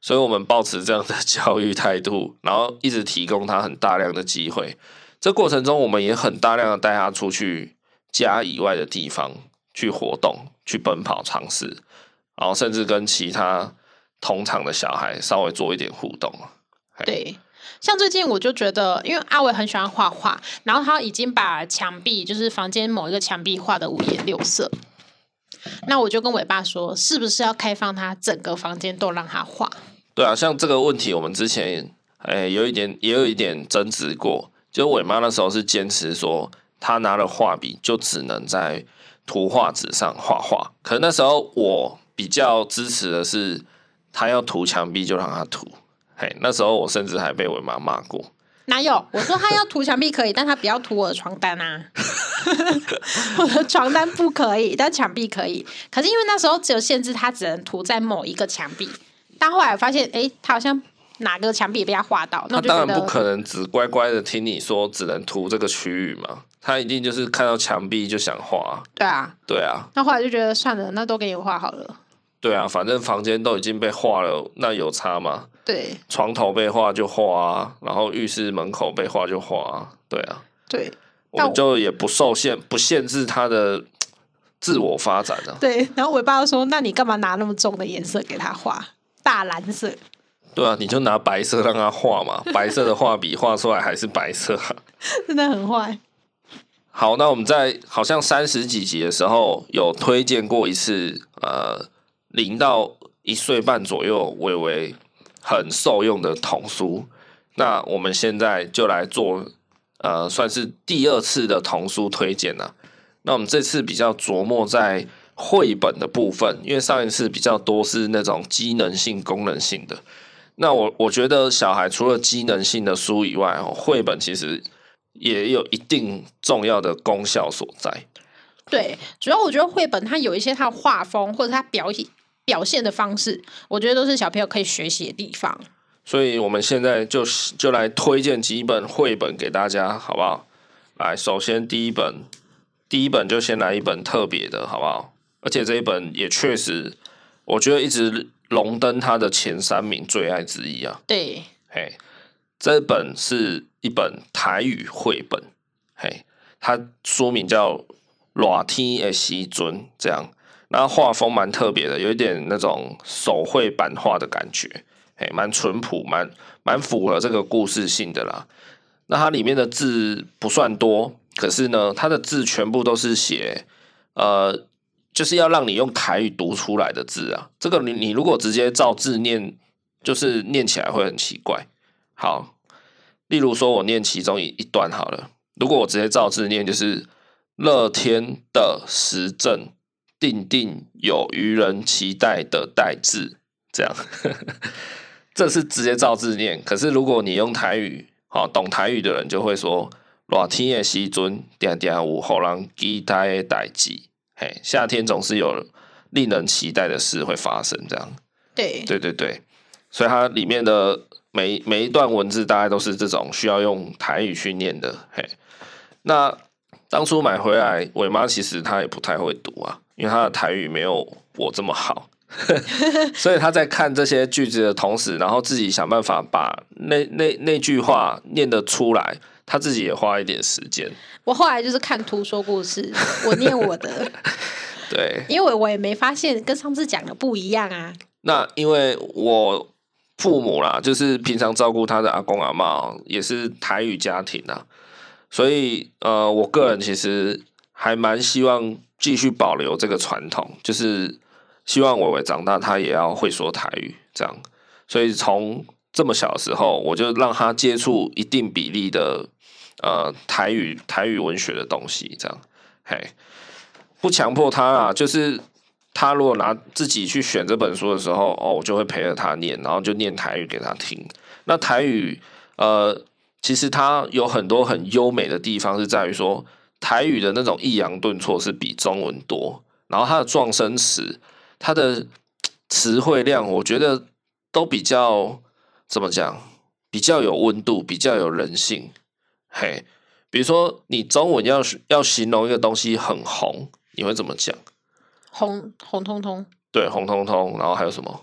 所以我們保持這樣的教育態度，然後一直提供他很大量的機會。這過程中，我們也很大量的帶他出去家以外的地方去活動、去奔跑、嘗試，然後甚至跟其他同場的小孩稍微做一點互動。對。像最近我就覺得，因為阿偉很喜歡畫畫，然後他已經把牆壁就是房間某一個牆壁畫得五顏六色。那我就跟偉爸說，是不是要開放他整個房間都讓他畫？對啊，像這個問題，我們之前哎、欸、有一點也有一點爭執過。就偉媽那時候是堅持說，他拿了畫筆就只能在圖畫紙上畫畫。可那時候我比較支持的是，他要塗牆壁就讓他塗。嘿，那時候我甚至還被我媽罵過。哪有？我說他要塗牆壁可以， 但他不要塗我的床單啊！ 我的床單不可以，但牆壁可以。可是因為那時候只有限制，他只能塗在某一個牆壁。但後來發現，哎，他好像哪個牆壁被他畫到。他當然不可能只乖乖的聽你說，只能塗這個區域嘛。他一定就是看到牆壁就想畫。對啊，對啊。那後來就覺得算了，那都給你畫好了。對啊，反正房間都已經被畫了，那有差嗎？對，床頭被畫就畫啊，然後浴室門口被畫就畫啊，對啊，對，我們就也不受限，不限制他的自我發展啊。對，然後偉爸又說：“那你幹嘛拿那麼重的顏色給他畫大藍色？”對啊，你就拿白色讓他畫嘛，白色的畫筆畫出來還是白色啊， 真的很壞。好，那我們在好像三十幾集的時候有推薦過一次，呃。零到一歲半左右，偉偉很受用的童書。那我們現在就來做呃，算是第二次的童書推薦了。那我們這次比較著墨在繪本的部分，因為上一次比較多是那種機能性、功能性的。那我我覺得小孩除了機能性的書以外，哦，繪本其實也有一定重要的功效所在。對，主要我覺得繪本它有一些它的畫風或者它表表現的方式，我覺得都是小朋友可以學習的地方。所以，我們現在就就來推薦幾本繪本給大家，好不好？來，首先第一本，第一本就先來一本特別的，好不好？而且這一本也確實，我覺得一直榮登他的前三名最愛之一啊。對，嘿、hey，這本是一本台語繪本，嘿、hey，它書名叫《熱天的時陣》，這樣。然後畫風蠻特別的，有一點那種手繪版畫的感覺，哎，蠻淳樸，蠻蠻符合這個故事性的啦。那它裡面的字不算多，可是呢，它的字全部都是寫，呃，就是要讓你用台語讀出來的字啊。這個你你如果直接照字念，就是念起來會很奇怪。好，例如說我念其中一一段好了，如果我直接照字念，就是熱天的時陣。定定有愚人期待的代誌，這樣， 這是直接照字念。可是如果你用台語，好懂台語的人就會說：熱天的時陣，定定有予人期待的代誌。嘿，夏天總是有令人期待的事會發生，這樣。對對對對，所以它裡面的每每一段文字，大概都是這種需要用台語去念的。嘿，那當初買回來，偉媽其實她也不太會讀啊。因為他的台語沒有我這麼好， 所以他在看這些句子的同時， 然後自己想辦法把那那那句話念得出來，他自己也花一點時間。我後來就是看圖說故事， 我念我的， 對，因為我也沒發現跟上次講的不一樣啊。那因為我父母啦，就是平常照顧他的阿公阿嬤，也是台語家庭啊，所以呃，我個人其實還蠻希望。繼續保留這個傳統，就是希望偉偉長大他也要會說台語，這樣。所以從這麼小的時候，我就讓他接觸一定比例的呃台語台語文學的東西，這樣。嘿，hey，不強迫他啊，就是他如果拿自己去選這本書的時候，哦，我就會陪着他念，然後就念台語給他聽。那台語呃，其實他有很多很優美的地方，是在於說。台語的那種抑揚頓挫是比中文多，然後它的狀聲詞，它的詞彙量，我覺得都比較怎麼講，比較有溫度，比較有人性。嘿，比如說你中文要要形容一個東西很紅，你會怎麼講？紅紅彤彤。對，紅彤彤。然後還有什麼？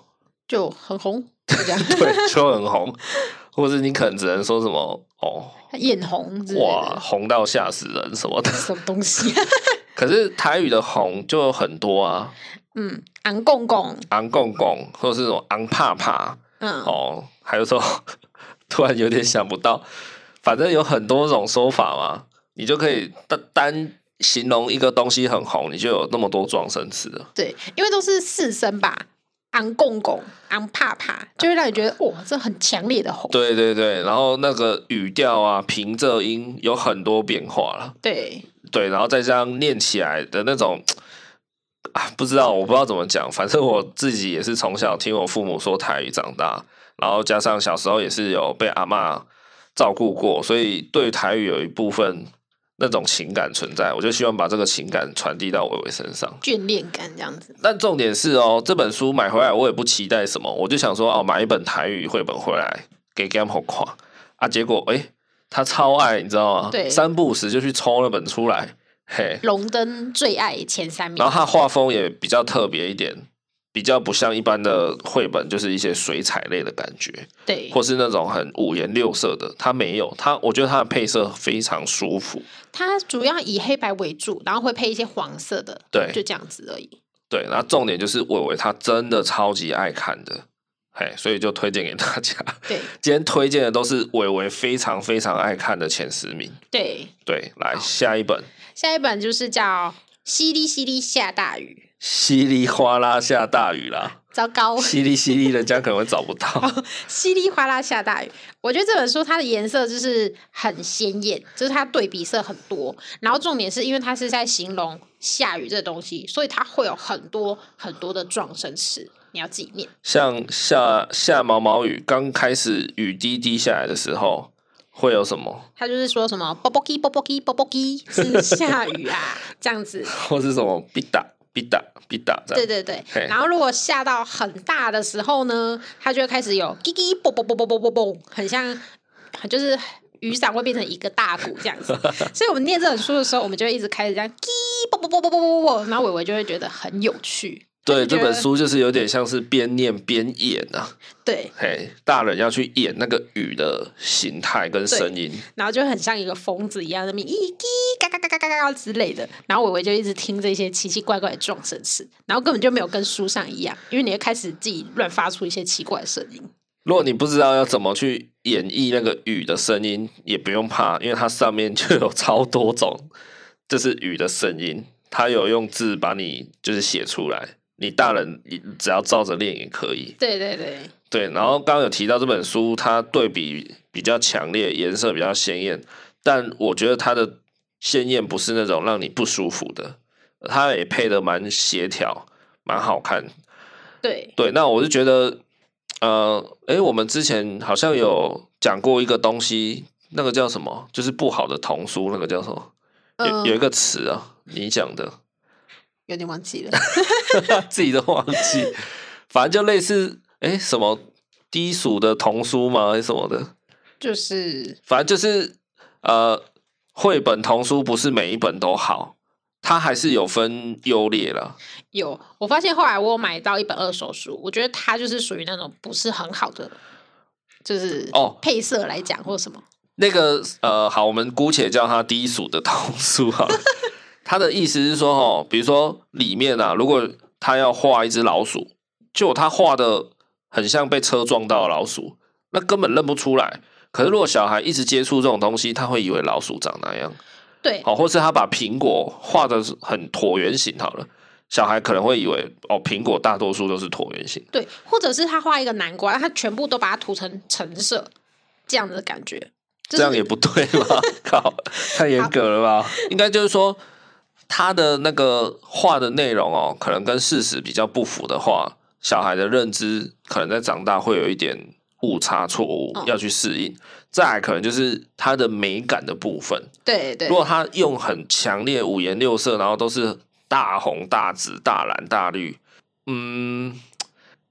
就很紅 對，就很紅。 或者是你可能只能說什麼哦，眼紅哇，紅到嚇死人什麼的，什麼東西？ 可是台語的紅就有很多啊，嗯，昂公公，昂公公，或是那種昂怕怕，嗯，哦，還有說，突然有點想不到、嗯，反正有很多種說法嘛，你就可以單單形容一個東西很紅，你就有那麼多狀聲詞了，對，因為都是四聲吧。昂公公，昂怕怕，就會讓你覺得哇、啊喔，這很強烈的吼。對對對，然後那個語調啊、平仄音有很多變化了。對對，然後再這樣念起來的那種啊，不知道，我不知道怎麼講。反正我自己也是從小聽我父母說台語長大，然後加上小時候也是有被阿嬤照顧過，所以對台語有一部分，那種情感存在，我就希望把這個情感傳遞到偉偉身上，眷戀感這樣子。但重點是哦，這本書買回來我也不期待什麼，我就想說哦，買一本台語繪本回來給 g a m e 看啊。結果誒、欸、他超愛你知道嗎？對，三不五時就去抽那本出來，嘿。榮登最愛前三名，然後他畫風也比較特別一點。比較不像一般的繪本，就是一些水彩類的感覺，對，或是那種很五顏六色的，它沒有。它我覺得它的配色非常舒服，它主要以黑白為主，然後會配一些黃色的，對，就這樣子而已。對，然後重點就是偉偉，他真的超級愛看的，嗯，嘿，所以就推薦給大家。對，今天推薦的都是偉偉非常非常愛看的前十名。對，對，來，下一本，下一本就是叫《淅瀝淅瀝下大雨》。淅瀝嘩啦下大雨啦！糟糕，淅瀝淅瀝，人家可能會找不到。 淅瀝嘩啦下大雨，我覺得這本書它的顏色就是很鮮豔，就是它對比色很多。然後重點是因為它是在形容下雨這東西，所以它會有很多很多的狀聲詞，你要自己念。像下下毛毛雨，剛開始雨滴滴下來的時候，會有什麼？他就是說什麼波波雞波波雞波波雞是下雨啊， 這樣子，或是什麼滴答。比大比大，對對對。然後如果下到很大的時候呢，它就會開始有嘰嘰嘣嘣嘣嘣嘣嘣嘣，很像，就是雨傘會變成一個大鼓這樣子。 所以我們念這本書的時候，我們就會一直開始這樣嘰嘣嘣嘣嘣嘣嘣嘣，然後偉偉就會覺得很有趣。對，對這本書就是有點像是邊念邊演啊，對，嘿，大人要去演那個雨的形態跟聲音，然後就很像一個瘋子一樣的一嘰嘎嘎嘎嘎嘎嘎之類的，然後偉偉就一直聽這些奇奇怪怪的撞聲詞，然後根本就沒有跟書上一樣，因為你會開始自己亂發出一些奇怪的聲音。如果你不知道要怎麼去演繹那個雨的聲音，也不用怕，因為它上面就有超多種，這、就是雨的聲音，它有用字把你就是寫出來。你大人，你只要照着練也可以。對對對對，然後剛剛有提到這本書，它對比比較強烈，顏色比較鮮豔，但我覺得它的鮮豔不是那種讓你不舒服的，它也配的蠻協調，蠻好看。對對，那我是覺得，呃，誒，我們之前好像有講過一個東西，那個叫什麼？就是不好的童書，那個叫什麼？有、呃、有一個詞啊，你講的。有點忘記了， 自己都忘記。反正就類似，哎、欸，什麼低俗的童書嗎？什麼的，就是，反正就是，呃，繪本童書不是每一本都好，它還是有分優劣了。有，我發現後來我有買到一本二手書，我覺得它就是屬於那種不是很好的，就是哦，配色來講或者什麼。哦、那個呃，好，我們姑且叫它低俗的童書哈。 他的意思是說，哦，比如說裡面吶、啊，如果他要畫一只老鼠，就他畫的很像被車撞到的老鼠，那根本認不出來。可是如果小孩一直接觸這種東西，他會以為老鼠長那樣，對，哦，或是他把蘋果畫的是很橢圓形，好了，小孩可能會以為哦，蘋果大多數都是橢圓形，對，或者是他畫一個南瓜，他全部都把它塗成橙色，這樣的感覺，就是、這樣也不對吧？靠， 太嚴格了吧？應該就是說。他的那個畫的內容哦，可能跟事實比較不符的話，小孩的認知可能在長大會有一點誤差錯誤、哦、要去適應。再來可能就是他的美感的部分，對對。如果他用很強烈五顏六色，然後都是大紅大紫、大藍大綠，嗯，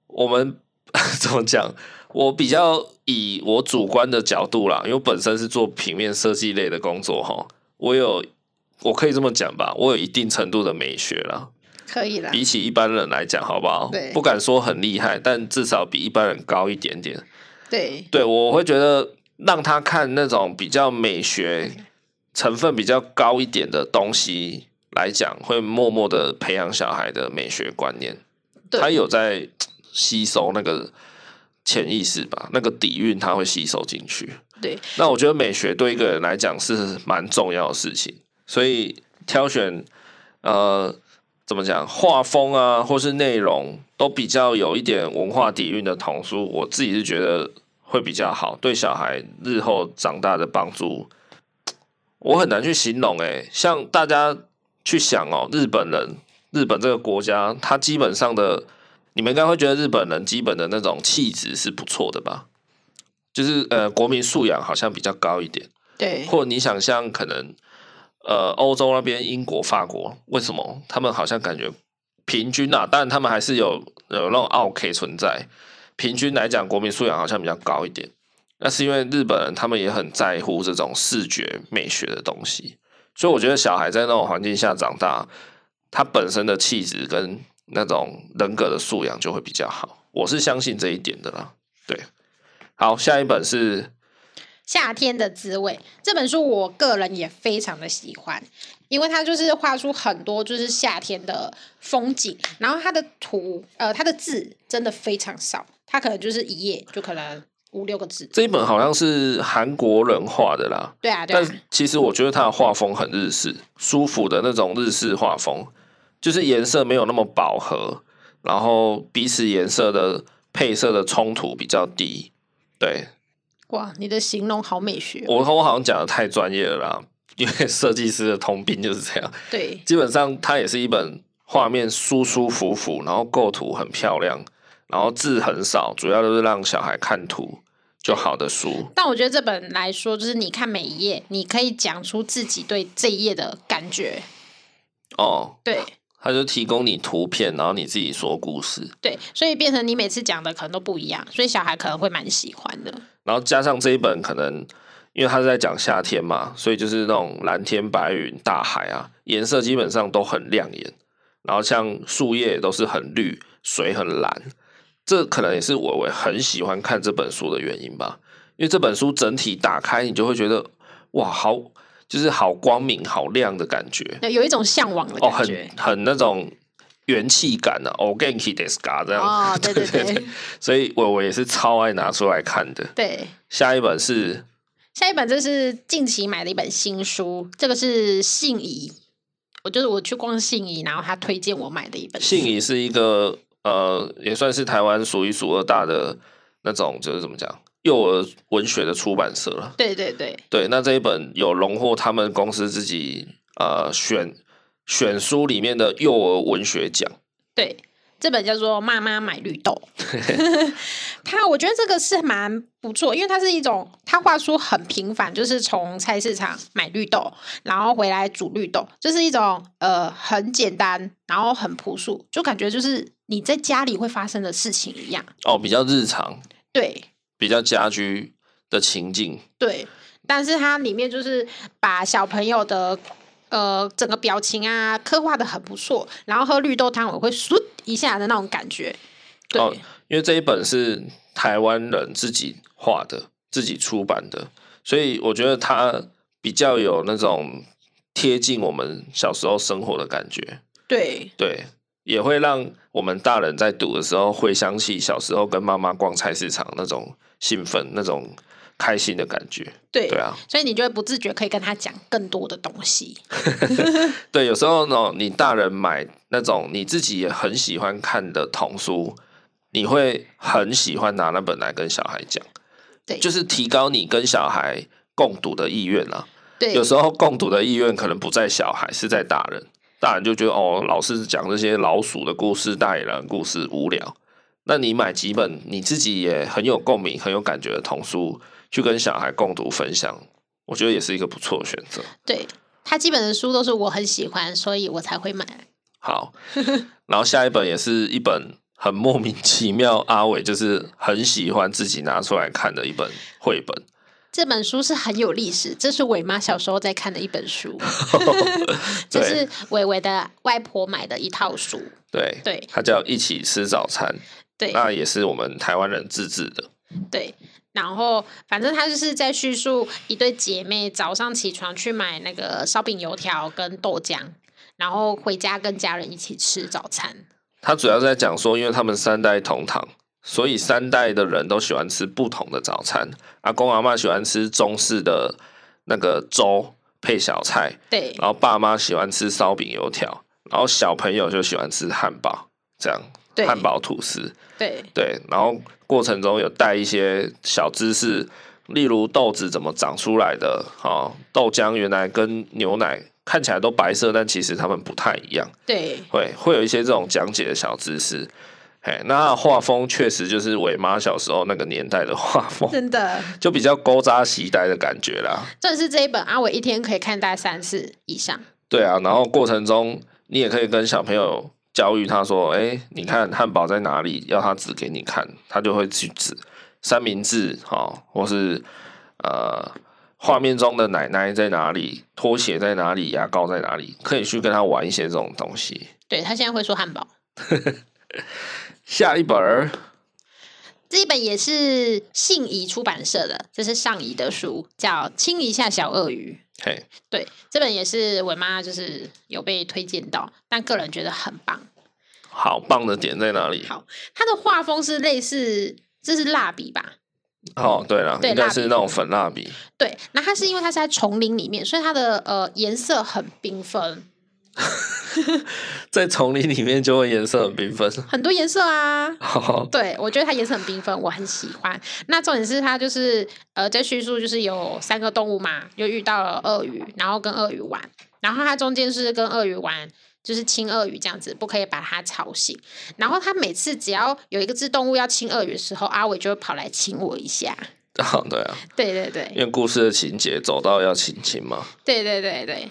我們 怎麼講？我比較以我主觀的角度啦，因為本身是做平面設計類的工作哈，我有。我可以這麼講吧，我有一定程度的美學了，可以啦。比起一般人來講，好不好？對，不敢說很厲害，但至少比一般人高一點點。對，對，對我會覺得讓他看那種比較美學成分比較高一點的東西來講，會默默的培養小孩的美學觀念。對，他有在吸收那個潛意識吧，那個底蘊他會吸收進去。對，那我覺得美學對一個人來講是蠻重要的事情。所以挑選，呃，怎麼講，畫風啊，或是內容都比較有一點文化底蘊的童書，我自己是覺得會比較好，對小孩日後長大的幫助，我很難去形容。哎，像大家去想哦，日本人，日本這個國家，他基本上的，你們應該會覺得日本人基本的那種氣質是不錯的吧？就是呃，國民素養好像比較高一點。對，或你想象可能。呃，歐洲那邊，英國、法國，為什麼他們好像感覺平均啊？但他們還是有有那種傲氣存在。平均來講，國民素養好像比較高一點。那是因為日本人他們也很在乎這種視覺美學的東西，所以我覺得小孩在那種環境下長大，他本身的氣質跟那種人格的素養就會比較好。我是相信這一點的啦。對，好，下一本是。夏天的滋味這本書，我個人也非常的喜歡，因為它就是畫出很多就是夏天的風景，然後它的圖呃，它的字真的非常少，它可能就是一頁就可能五六個字。這一本好像是韓國人畫的啦，對啊，對啊，但其實我覺得它的畫風很日式，舒服的那種日式畫風，就是顏色沒有那麼飽和，然後彼此顏色的配色的衝突比較低，對。哇，你的形容好美學哦！我我好像講的太專業了啦，因為設計師的通病就是這樣。對，基本上它也是一本畫面舒舒服服，然後構圖很漂亮，然後字很少，主要就是讓小孩看圖就好的書。但我覺得這本來說，就是你看每一頁，你可以講出自己對這一頁的感覺。哦，對，它就提供你圖片，然後你自己說故事。對，所以變成你每次講的可能都不一樣，所以小孩可能會蠻喜歡的。然後加上這一本，可能因為他是在講夏天嘛，所以就是那種藍天白雲、大海啊，顏色基本上都很亮眼。然後像樹葉也都是很綠，水很藍，這可能也是我我很喜歡看這本書的原因吧。因為這本書整體打開，你就會覺得哇，好就是好光明、好亮的感覺，有一種向往的感覺，哦、很很那種。元氣感的、啊、哦元気ですか這樣子，哦，對對對， 所以我我也是超愛拿出來看的。對，下一本是下一本，這是近期買的一本新書，這個是信誼。我就是我去逛信誼，然後他推薦我買的一本。信誼是一個呃，也算是台灣數一數二大的那種，就是怎麼講，幼兒文學的出版社了。對對對對，那這一本有榮獲他們公司自己呃選。選書裡面的幼兒文學獎，對，這本叫做《媽媽買綠豆》，它 我覺得這個是蠻不錯，因為它是一種它畫書很平凡，就是從菜市場買綠豆，然後回來煮綠豆，就是一種呃很簡單，然後很樸素，就感覺就是你在家裡會發生的事情一樣。哦，比較日常，對，比較家居的情境，對，但是它裡面就是把小朋友的。呃，整個表情啊，刻畫得很不錯。然後喝綠豆湯，我會唰一下的那種感覺。對。哦，因為這一本是台灣人自己畫的、自己出版的，所以我覺得它比較有那種貼近我們小時候生活的感覺。對對，也會讓我們大人在讀的時候會想起小時候跟媽媽逛菜市場那種興奮，那種。開心的感覺對，對啊，所以你就會不自覺可以跟他講更多的東西。 對，有時候呢，你大人買那種你自己也很喜歡看的童書，你會很喜歡拿那本來跟小孩講，對，就是提高你跟小孩共讀的意願啊。對，有時候共讀的意願可能不在小孩，是在大人，大人就覺得哦，老是講這些老鼠的故事、大野狼故事無聊。那你買幾本你自己也很有共鳴、很有感覺的童書。去跟小孩共讀分享，我覺得也是一個不錯的選擇。對，他基本的書都是我很喜歡，所以我才會買。好， 然後下一本也是一本很莫名其妙，阿偉就是很喜歡自己拿出來看的一本繪本。這本書是很有歷史，這是偉媽小時候在看的一本書，這 對 是偉偉的外婆買的一套書。對，對，它叫《一起吃早餐》對。對，那也是我們台灣人自制的。對。然後，反正他就是在敘述一對姐妹早上起床去買那個燒餅、油條跟豆漿，然後回家跟家人一起吃早餐。他主要在講說，因為他們三代同堂，所以三代的人都喜歡吃不同的早餐。阿公阿嬤喜歡吃中式的那個粥配小菜，對。然後爸媽喜歡吃燒餅油條，然後小朋友就喜歡吃漢堡，這樣漢堡吐司，對對，然後。過程中有帶一些小知識，例如豆子怎麼長出來的，哈，豆漿原來跟牛奶看起來都白色，但其實它們不太一樣。對，會會有一些這種講解的小知識。哎，那畫風確實就是偉媽小時候那個年代的畫風，真的就比較勾扎喜呆的感覺啦。正、就是這一本阿偉、啊、一天可以看到三次以上。對啊，然後過程中你也可以跟小朋友。小雨他說：“哎、欸，你看漢堡在哪裡？要他指給你看，他就會去指三明治，好、哦，或是呃，畫面中的奶奶在哪裡？拖鞋在哪裡？牙膏在哪裡？可以去跟他玩一些這種東西。對，他現在會說漢堡。 下一本兒，這一本也是信誼出版社的，這是上誼的書，叫《親一下小鱷魚》。嘿，對，這本也是我媽就是有被推薦到，但個人覺得很棒。”好棒的點在哪裡？好，它的畫風是類似，這是蠟筆吧？哦，對了，應該是那種粉蠟筆。對，那它是因為它是在叢林裡面，所以它的呃顏色很繽紛。 在叢林裡面就會顏色很繽紛、嗯，很多顏色啊。 對，我覺得它顏色很繽紛，我很喜歡。那重點是它就是呃在敘述，就是有三個動物嘛，又遇到了鱷魚，然後跟鱷魚玩，然後它中間是跟鱷魚玩。就是親鱷魚這樣子，不可以把它吵醒。然後他每次只要有一個動物要親鱷魚的時候，阿偉就會跑來親我一下。啊，對啊，對對對，因為故事的情節走到要親親嘛。對對對對，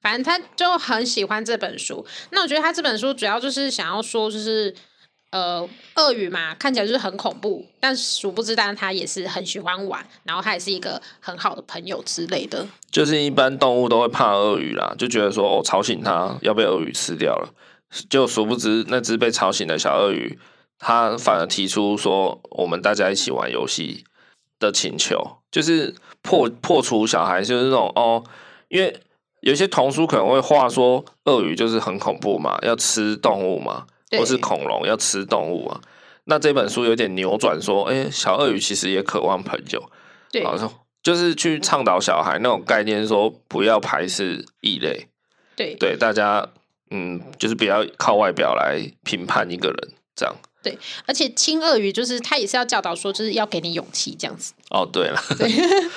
反正他就很喜歡這本書。那我覺得他這本書主要就是想要說，就是。呃，鱷魚嘛，看起來就是很恐怖，但殊不知，當然他也是很喜歡玩，然後他也是一個很好的朋友之類的。就是一般動物都會怕鱷魚啦，就覺得說哦，吵醒他要被鱷魚吃掉了，就殊不知那隻被吵醒的小鱷魚，他反而提出說我們大家一起玩遊戲的請求，就是破、嗯、破除小孩就是那種哦，因為有些童書可能會畫說鱷魚就是很恐怖嘛，要吃動物嘛。或是恐龍要吃動物啊，那這本書有點扭轉，說、欸、誒小鱷魚其實也渴望朋友，對、啊，就是去倡導小孩那種概念，說不要排斥異類，對對，大家嗯，就是不要靠外表來評判一個人，這樣對，而且親鱷魚就是他也是要教導說，就是要給你勇氣這樣子。哦，對了，對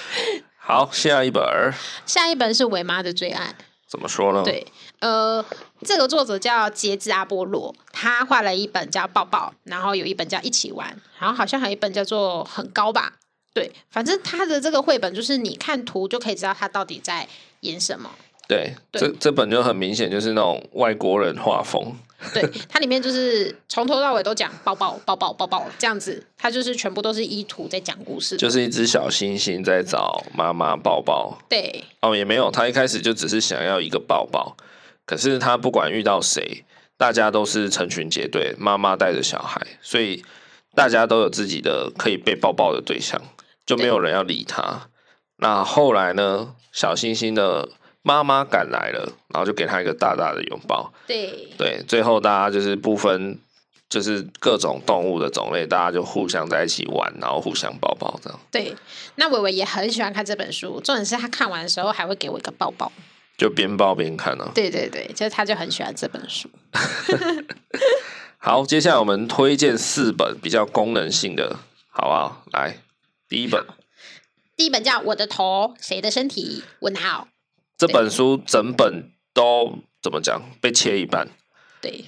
好，下一本，下一本是偉媽的最愛。怎麼說呢？對，呃，這個作者叫杰茲阿波羅，他畫了一本叫抱抱，然後有一本叫一起玩，然後好像還有一本叫做很高吧。對，反正他的這個繪本就是你看圖就可以知道他到底在演什麼。對，對這這本就很明顯就是那種外國人畫風。 對，它裡面就是從頭到尾都講抱抱抱抱抱抱這樣子，它就是全部都是以圖在講故事，就是一隻小星星在找媽媽抱抱。對、嗯，哦，也沒有，他一開始就只是想要一個抱抱，可是他不管遇到誰，大家都是成群結隊，媽媽帶着小孩，所以大家都有自己的可以被抱抱的對象，就沒有人要理他。那後來呢，小星星的。媽媽趕來了，然後就給他一個大大的擁抱。對對，最後大家就是不分，就是各種動物的種類，大家就互相在一起玩，然後互相抱抱這樣。對，那偉偉也很喜歡看這本書，重點是他看完的時候還會給我一個抱抱，就邊抱邊看哦、啊。對對對，就是他就很喜歡這本書。 好，接下來我們推薦四本比較功能性的，好不好？來，第一本，第一本叫《我的頭誰的身體》，我哪有，我拿。這本書整本都怎麼講？被切一半。對，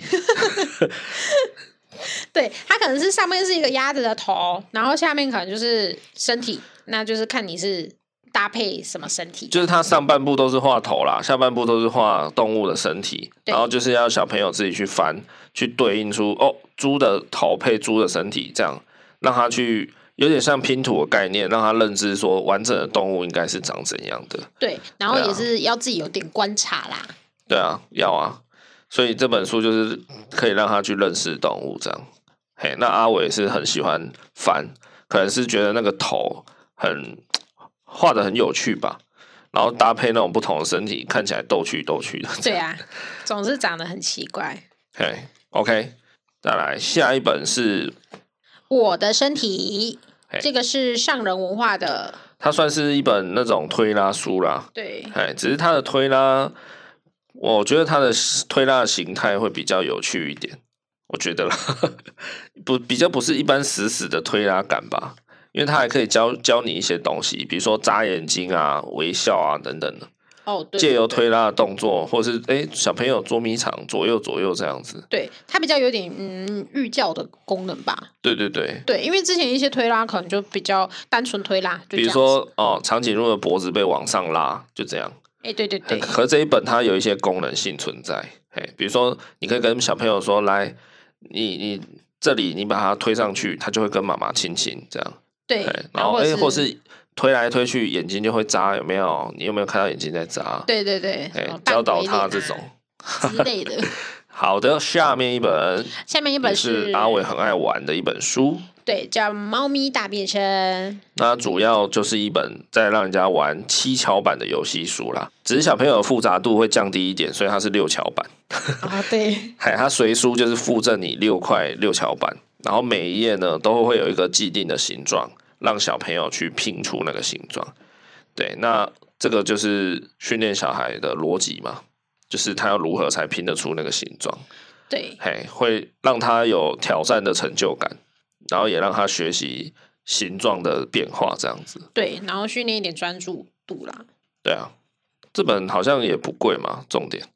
對，它可能是上面是一個鴨子的頭，然後下面可能就是身體，那就是看你是搭配什麼身體。就是它上半部都是畫頭啦，下半部都是畫動物的身體，然後就是要小朋友自己去翻，去對應出哦，豬的頭配豬的身體，這樣讓他去。有點像拼圖的概念，讓他認知說完整的動物應該是長怎樣的。對，然後也是要自己有點觀察啦。對啊，對啊，要啊。所以這本書就是可以讓他去認識動物，這樣。嘿，hey，那阿偉是很喜歡翻，可能是覺得那個頭很畫得很有趣吧，然後搭配那種不同的身體，看起來逗趣逗趣的。對啊，總是長得很奇怪。嘿，OK，再來，下一本是。我的身體，這個是上人文化的，它算是一本那種推拉書啦。對，哎，只是它的推拉，我覺得它的推拉的形態會比較有趣一點，我覺得啦，呵呵，不，比較不是一般死死的推拉感吧，因為它還可以教教你一些東西，比如說眨眼睛啊、微笑啊等等的。哦，借由推拉的動作，或是誒、欸、小朋友捉迷藏，左右左右這樣子。對，它比較有點嗯寓教的功能吧。對對對對，因為之前一些推拉可能就比較單純推拉，比如說哦，長頸鹿的脖子被往上拉，就這樣。誒、欸，對對對。可這一本它有一些功能性存在，誒、欸，比如說你可以跟小朋友說，來，你你這裡你把它推上去，它就會跟媽媽親親這樣。對，欸、然後哎、欸，或是。推來推去，眼睛就會眨，有沒有？你有沒有看到眼睛在眨？對對對，教、欸、導他這種之類的。 好的，下面一本，嗯、下面一本是，是阿偉很愛玩的一本書，對，叫《貓咪大變身》。那它主要就是一本在讓人家玩七巧板的遊戲書啦，只是小朋友的複雜度會降低一點，所以它是六巧板。 啊，對、欸。它隨書就是附贈你六塊六巧板，然後每一頁呢都會有一個既定的形狀。讓小朋友去拼出那個形狀，對，那這個就是訓練小孩的邏輯嘛，就是他要如何才拼得出那個形狀，對，嘿，會讓他有挑戰的成就感，然後也讓他學習形狀的變化，這樣子，對，然後訓練一點專注度啦，對啊，這本好像也不貴嘛，重點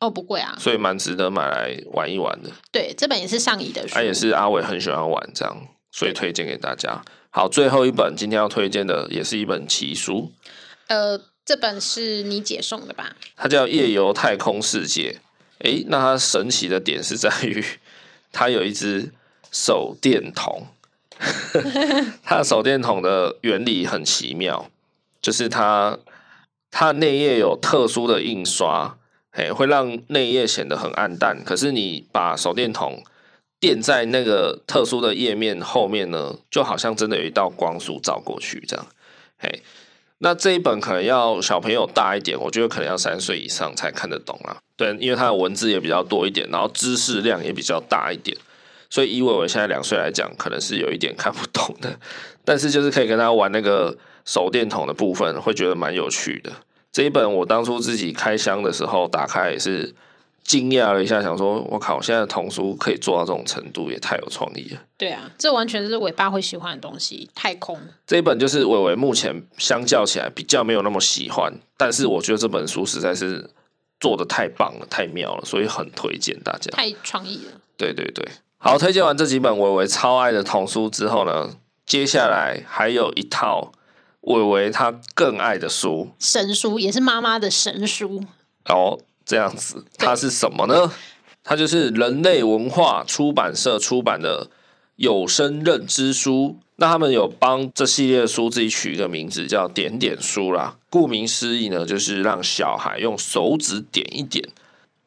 哦，不貴啊，所以蠻值得買來玩一玩的，對，這本也是上癮的書，它也是阿偉很喜歡玩這樣，所以推薦給大家。好，最後一本今天要推薦的也是一本奇書，呃，這本是你姐送的吧？它叫《夜遊太空世界》。嗯。誒，那它神奇的點是在於，它有一隻手電筒， 它的手電筒的原理很奇妙，就是它它內頁有特殊的印刷，哎，會讓內頁顯得很暗淡，可是你把手電筒。點在那個特殊的頁面後面呢，就好像真的有一道光束照過去這樣。嘿，那這一本可能要小朋友大一點，我覺得可能要三歲以上才看得懂啦、啊。對，因為它的文字也比較多一點，然後知識量也比較大一點，所以以偉偉現在兩歲來講，可能是有一點看不懂的。但是就是可以跟他玩那個手電筒的部分，會覺得蠻有趣的。這一本我當初自己開箱的時候，打開也是。驚訝了一下，想說：“我靠！我現在的童書可以做到這種程度，也太有創意了。”對啊，這完全是偉爸會喜歡的東西。太空這一本就是偉偉目前相較起來比較沒有那麼喜歡，但是我覺得這本書實在是做的太棒了，太妙了，所以很推薦大家。太創意了！對對對，好，推薦完這幾本偉偉超愛的童書之後呢，接下來還有一套偉偉他更愛的書——神書，也是媽媽的神書然後、哦這樣子，它是什麼呢？它就是人類文化出版社出版的有聲認知書。那他們有幫這系列書自己取一個名字，叫“點點書”啦。顧名思義呢，就是讓小孩用手指點一點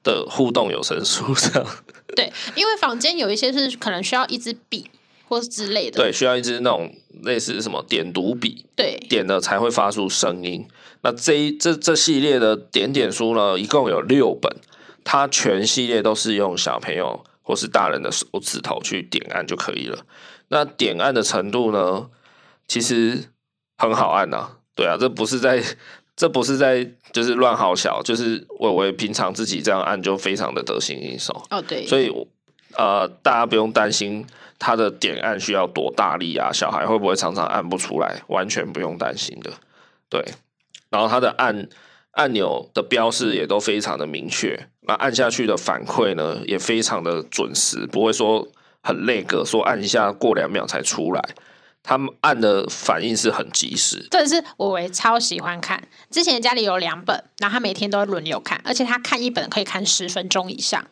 的互動有聲書，這樣。對，因為坊間有一些是可能需要一支筆。或是之類的，對，需要一支那種類似什麼點讀筆，對，點的才會發出聲音。那這一這這系列的點點書呢、嗯，一共有六本，它全系列都是用小朋友或是大人的手指頭去點按就可以了。那點按的程度呢，其實很好按吶、啊，對啊，這不是在，這不是在，就是亂好小，就是我我平常自己這樣按就非常的得心應手。哦，對，所以呃，大家不用擔心。它的點按需要多大力啊？小孩會不會常常按不出來？完全不用擔心的，對。然後它的按按鈕的標示也都非常的明確，那按下去的反饋呢，也非常的準時，不會說很那個，說按一下過兩秒才出來，他們按的反應是很及時。這是，我為超喜歡看，之前家裡有兩本，然後他每天都輪流看，而且他看一本可以看十分鐘以上。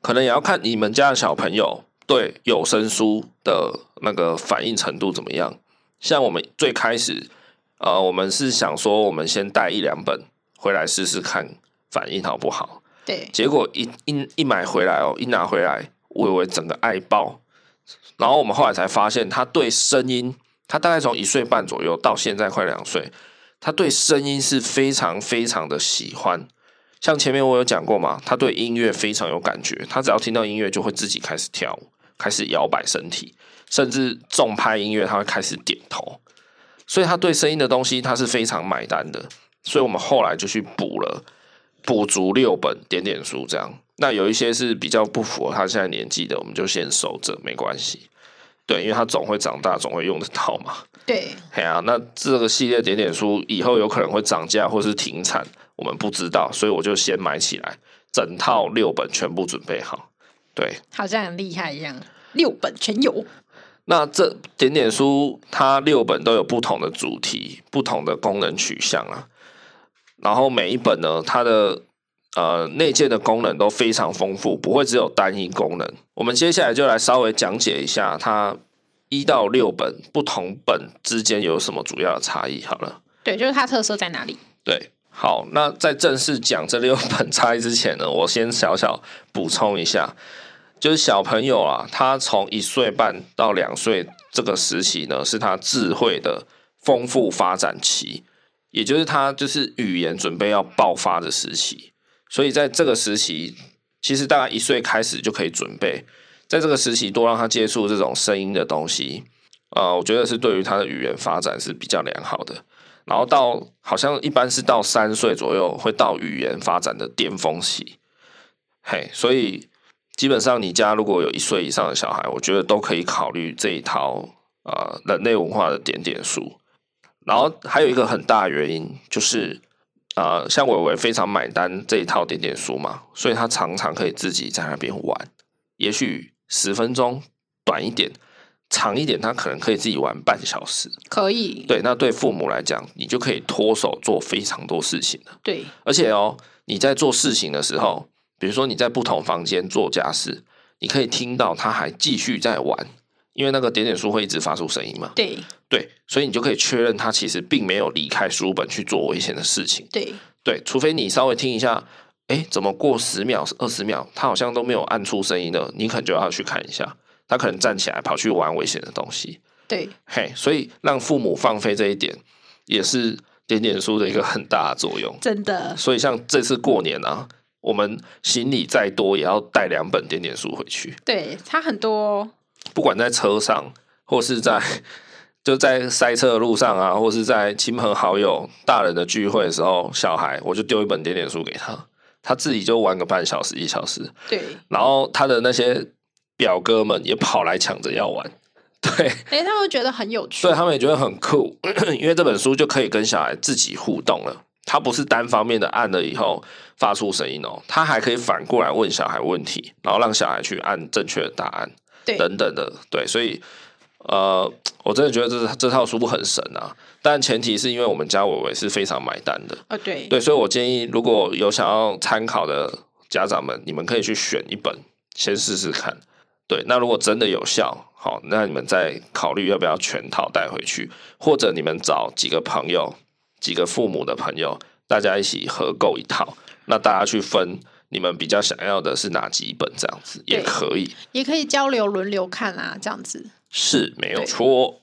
可能也要看你們家的小朋友。對有聲書的那個反應程度怎麼樣？像我們最開始，呃，我們是想說，我們先帶一兩本回來試試看反應好不好？對。結果一一一買回來哦，一拿回來，我以為整個愛爆。然後我們後來才發現，他對聲音，他大概從一歲半左右到現在快兩歲，他對聲音是非常非常的喜歡。像前面我有講過嘛，他對音樂非常有感覺，他只要聽到音樂就會自己開始跳舞。開始搖擺身體，甚至重拍音樂，他會開始點頭，所以他對聲音的東西，他是非常買單的。所以我們後來就去補了，補足六本點點書，這樣。那有一些是比較不符合他現在年紀的，我們就先收着，沒關係。對，因為他總會長大，總會用得到嘛。對。嘿啊，那這個系列點點書以後有可能會漲價或是停產，我們不知道，所以我就先買起來，整套六本全部準備好。對，好像很厲害一樣，六本全有。那這點點書，它六本都有不同的主題、不同的功能取向啊。然後每一本呢，它的呃內建的功能都非常豐富，不會只有單一功能。我們接下來就來稍微講解一下它一到六本不同本之間有什麼主要的差異。好了，對，就是它特色在哪裡？對，好，那在正式講這六本差異之前呢，我先小小補充一下。就是小朋友啊，他從一歲半到兩歲這個時期呢，是他智慧的豐富發展期，也就是他就是語言準備要爆發的時期。所以在這個時期，其實大概一歲開始就可以準備，在這個時期多讓他接觸這種聲音的東西，呃，我覺得是對於他的語言發展是比較良好的。然後到好像一般是到三歲左右會到語言發展的巔峰期，嘿，所以。基本上，你家如果有一歲以上的小孩，我覺得都可以考慮這一套啊、呃、人類文化的點點書。然後還有一個很大原因就是，啊、呃，像偉偉非常買單這一套點點書嘛，所以他常常可以自己在那邊玩。也許十分鐘短一點，長一點，他可能可以自己玩半小時。可以。對，那對父母來講，你就可以脫手做非常多事情了。對。而且哦，你在做事情的時候。嗯比如說你在不同房間做家事，你可以聽到他還繼續在玩，因為那個點點書會一直發出聲音嘛。對對，所以你就可以確認他其實並沒有離開書本去做危險的事情。對對，除非你稍微聽一下，哎，怎麼過十秒、二十秒，他好像都沒有按出聲音的，你可能就要去看一下，他可能站起來跑去玩危險的東西。對，嘿，所以讓父母放飛這一點，也是點點書的一個很大的作用。真的。所以像這次過年啊。我們行李再多，也要帶兩本點點書回去。對，差很多。不管在車上，或是在就在塞車的路上啊，或是在親朋好友大人的聚會的時候，小孩我就丟一本點點書給他，他自己就玩個半小時一小時。對，然後他的那些表哥們也跑來搶着要玩。對，誒，他們覺得很有趣，所以他們也覺得很酷，因為這本書就可以跟小孩自己互動了。它不是單方面的按了以後發出聲音哦,他還可以反過來問小孩問題，然後讓小孩去按正確的答案，等等的，對，所以，呃，我真的覺得這這套書不很神啊。但前提是因為我們家偉偉是非常買單的，啊、哦，對，對，所以我建議如果有想要參考的家長們，你們可以去選一本先試試看，對，那如果真的有效，好、哦，那你們再考慮要不要全套帶回去，或者你們找幾個朋友。幾個父母的朋友，大家一起合購一套，那大家去分，你們比較想要的是哪幾本？這樣子也可以，也可以交流輪流看啊。這樣子是沒有錯。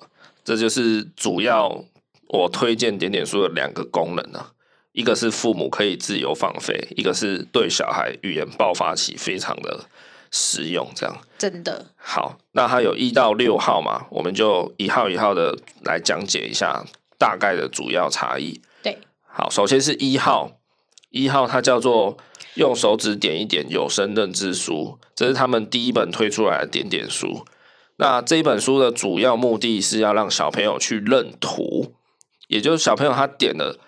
這就是主要我推薦點點書的兩個功能呢、啊嗯，一個是父母可以自由放飛，一個是對小孩語言爆發期非常的實用。這樣真的好，那它有一到六號嘛，嗯、我們就一號一號的來講解一下。大概的主要差異，對，好，首先是一號，一號它叫做用手指點一點有聲認知書，這是他們第一本推出來的點點書。那這本書的主要目的是要讓小朋友去認圖，也就是小朋友他點了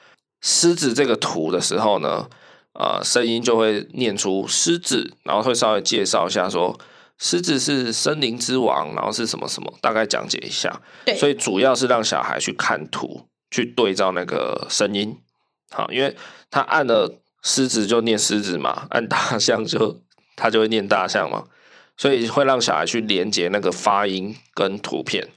獅子這個圖的時候呢，啊、呃，聲音就會念出獅子，然後會稍微介紹一下說。獅子是森林之王，然後是什麼什麼？大概講解一下。對，所以主要是讓小孩去看圖，去對照那個聲音。好，因為他按了獅子就念獅子嘛，按大象就他就會念大象嘛，所以會讓小孩去連接那個發音跟圖片。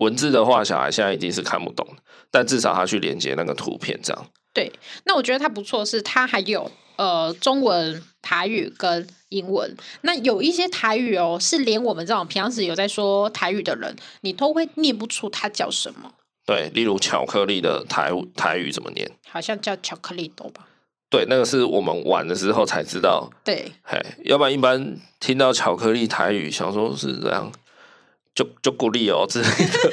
文字的話，小孩現在一定是看不懂的，但至少他去連接那個圖片，這樣。對，那我覺得他不錯，是它還有呃中文、台語跟。英文那有一些台語哦，是連我們這種平常時有在說台語的人，你都會念不出它叫什麼。對，例如巧克力的台台語怎麼念？好像叫巧克力豆吧。對，那個是我們玩的時候才知道。對，嘿，要不然一般聽到巧克力台語，想說是這樣，就就鼓勵哦、喔、之類的。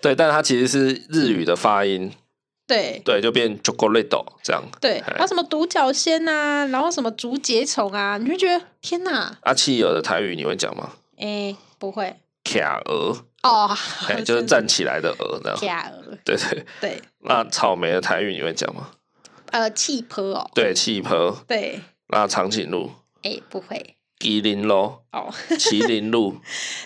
對，但它其實是日語的發音。對對，就變 chocolate 這樣。對、然、哎、後、啊、什麼獨角仙吶、啊，然後什麼竹節蟲啊，你就會覺得天吶！企鵝的台語你會講嗎？誒、欸，不會。卡鵝哦、欸，就是站起來的鵝的鵝。對對對，對。那草莓的台語你會講嗎？呃，氣泡哦。對，氣泡。對。那長頸鹿？誒、欸，不會。麒麟路哦，麒麟路，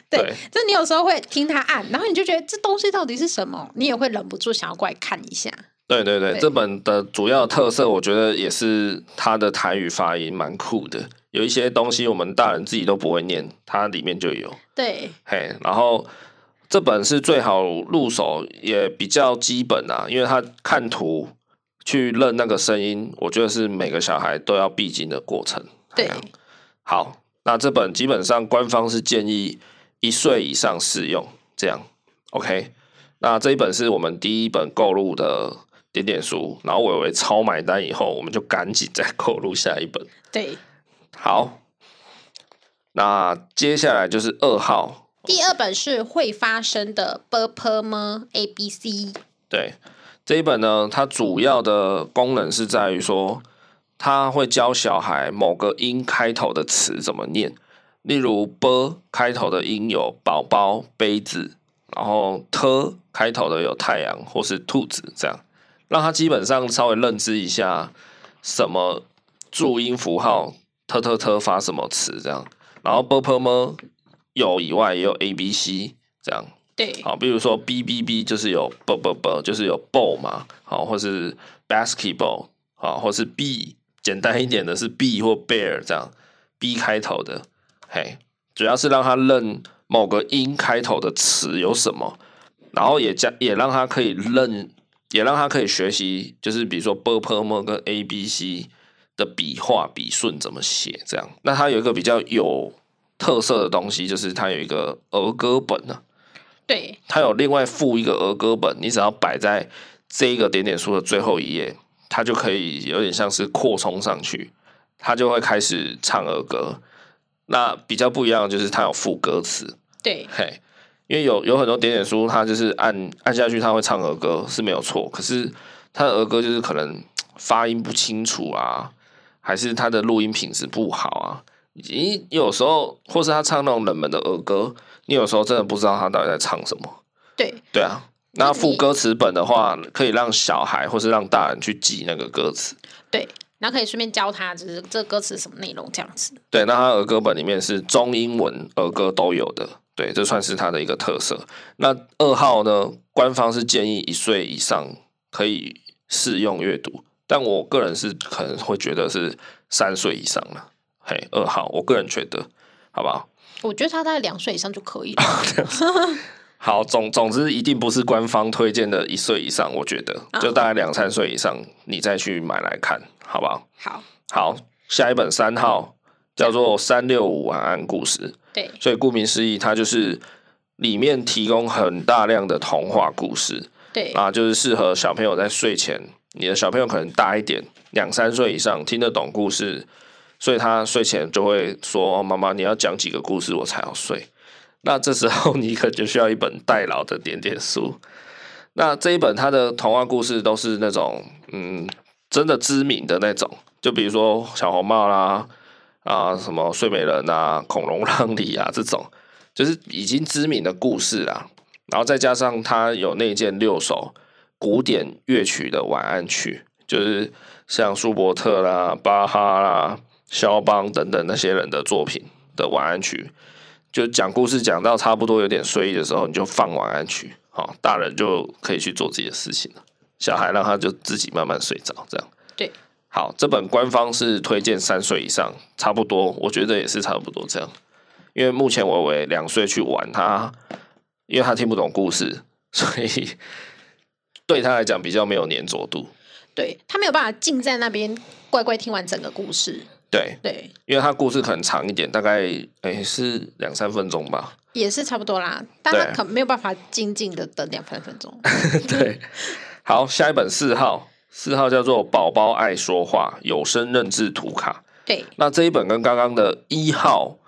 對，這你有時候會聽他按，然後你就覺得這東西到底是什麼，你也會忍不住想要過來看一下。對對對，對這本的主要特色，我覺得也是他的台語發音蠻酷的，有一些東西我們大人自己都不會念，它裡面就有。對，嘿、hey，然後這本是最好入手，也比較基本啊，因為他看圖去認那個聲音，我覺得是每個小孩都要必經的過程。對。好，那這本基本上官方是建議一歲以上使用，這樣，OK。那這一本是我們第一本購入的點點書，然後偉偉超買單以後，我們就趕緊再購入下一本。對，好，那接下來就是二號，第二本是會發聲的 ㄅㄆㄇ、ABC。對，這一本呢，它主要的功能是在於說。他會教小孩某個音開頭的詞怎麼唸，例如 ㄅ 開頭的音有寶寶、杯子，然後 ㄊ 開頭的有太陽或是兔子這樣，讓他基本上稍微認知一下什麼注音符號 ㄊ、ㄊ、ㄊ 發什麼詞這樣。然後 ㄅ、ㄆ、ㄇ 有以外也有 “A”、“B”、“C” 這樣。對，好，比如說 “b”、“b”、“b” 就是有 “b”、“b”、“b”，就是有 “ball” 嘛，好，或是 “basketball”，好，或是 “b”。簡單一點的是 B 或 Bear 這樣 B 開頭的，嘿，主要是讓他認某個音開頭的詞有什麼，然後也加也讓他可以認，也讓他可以學習，就是比如說 ㄅㄆㄇ 跟 A、B、C 的筆畫筆順怎麼寫這樣。那它有一個比較有特色的東西，就是它有一個兒歌本呢、啊，對，它有另外附一個兒歌本，你只要擺在這一個點點書的最後一頁。他就可以有點像是擴充上去，他就會開始唱兒歌。那比較不一樣的就是他有副歌詞，對，嘿，因為有有很多點點書，他就是按按下去他會唱兒歌是沒有錯，可是他的兒歌就是可能發音不清楚啊，還是他的錄音品質不好啊。你有時候或是他唱那種冷門的兒歌，你有時候真的不知道他到底在唱什麼？對，對啊。那附歌詞本的話，可以讓小孩或是讓大人去記那個歌詞。對，然後可以順便教他，就是這歌詞什麼內容這樣子。對，那他兒歌本裡面是中英文兒歌都有的，對，這算是他的一個特色。那二號呢，官方是建議一歲以上可以適用閱讀，但我個人是可能會覺得是三歲以上了。嘿，二號，我個人覺得，好不好？我覺得他在兩歲以上就可以了。 好，總總之一定不是官方推薦的，一歲以上，我覺得、oh. 就大概兩三歲以上，你再去買來看，好不好？好、oh. 好，下一本三號、oh. 叫做《三六五晚安故事》，對，所以顧名思義，它就是裡面提供很大量的童話故事，對啊，就是適合小朋友在睡前，你的小朋友可能大一點，兩三歲以上聽得懂故事，所以他睡前就會說：“哦、媽媽，你要講幾個故事，我才要睡。”那這時候你可能就需要一本代勞的點點書。那這一本它的童話故事都是那種嗯，真的知名的那種，就比如說小紅帽啦啊，什麼睡美人啊、孔融讓梨啊這種，就是已經知名的故事啦。然後再加上它有那件六首古典樂曲的晚安曲，就是像舒伯特啦、巴哈啦、肖邦等等那些人的作品的晚安曲。就講故事講到差不多有點睡意的時候，你就放晚安曲，好，大人就可以去做自己的事情了。小孩讓他就自己慢慢睡着，這樣。對。好，這本官方是推薦三歲以上，差不多，我覺得也是差不多這樣。因為目前偉偉兩歲去玩他，因為他聽不懂故事，所以對他來講比較沒有黏着度。對，他沒有辦法靜在那邊乖乖聽完整個故事。對，對，因為它故事可能長一點，大概哎是兩三分鐘吧，也是差不多啦，但它可能沒有辦法靜靜的等兩三分鐘。 對，好，下一本四號，四號叫做《寶寶愛說話》有聲認字圖卡。對，那這一本跟剛剛的一號，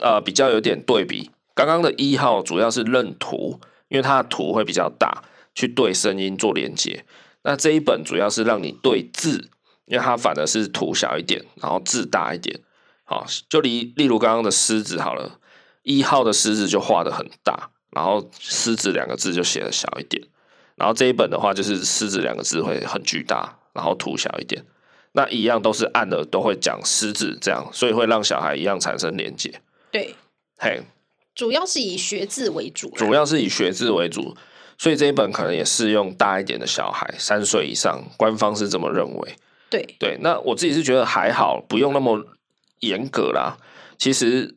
呃，比較有點對比。剛剛的一號主要是認圖，因為它的圖會比較大，去對聲音做連接。那這一本主要是讓你對字。因為它反而是圖小一點，然後字大一點。好，就例例如剛剛的獅子好了，一號的獅子就畫的很大，然後“獅子”兩個字就寫的小一點。然後這一本的話，就是“獅子”兩個字會很巨大，然後圖小一點。那一樣都是按的都會講“獅子”這樣，所以會讓小孩一樣產生連結。對，嘿，主要是以學字為主，啊，主要是以學字為主，所以這一本可能也適用大一點的小孩，三歲以上，官方是這麼認為。對對，那我自己是覺得還好，不用那麼嚴格啦。其實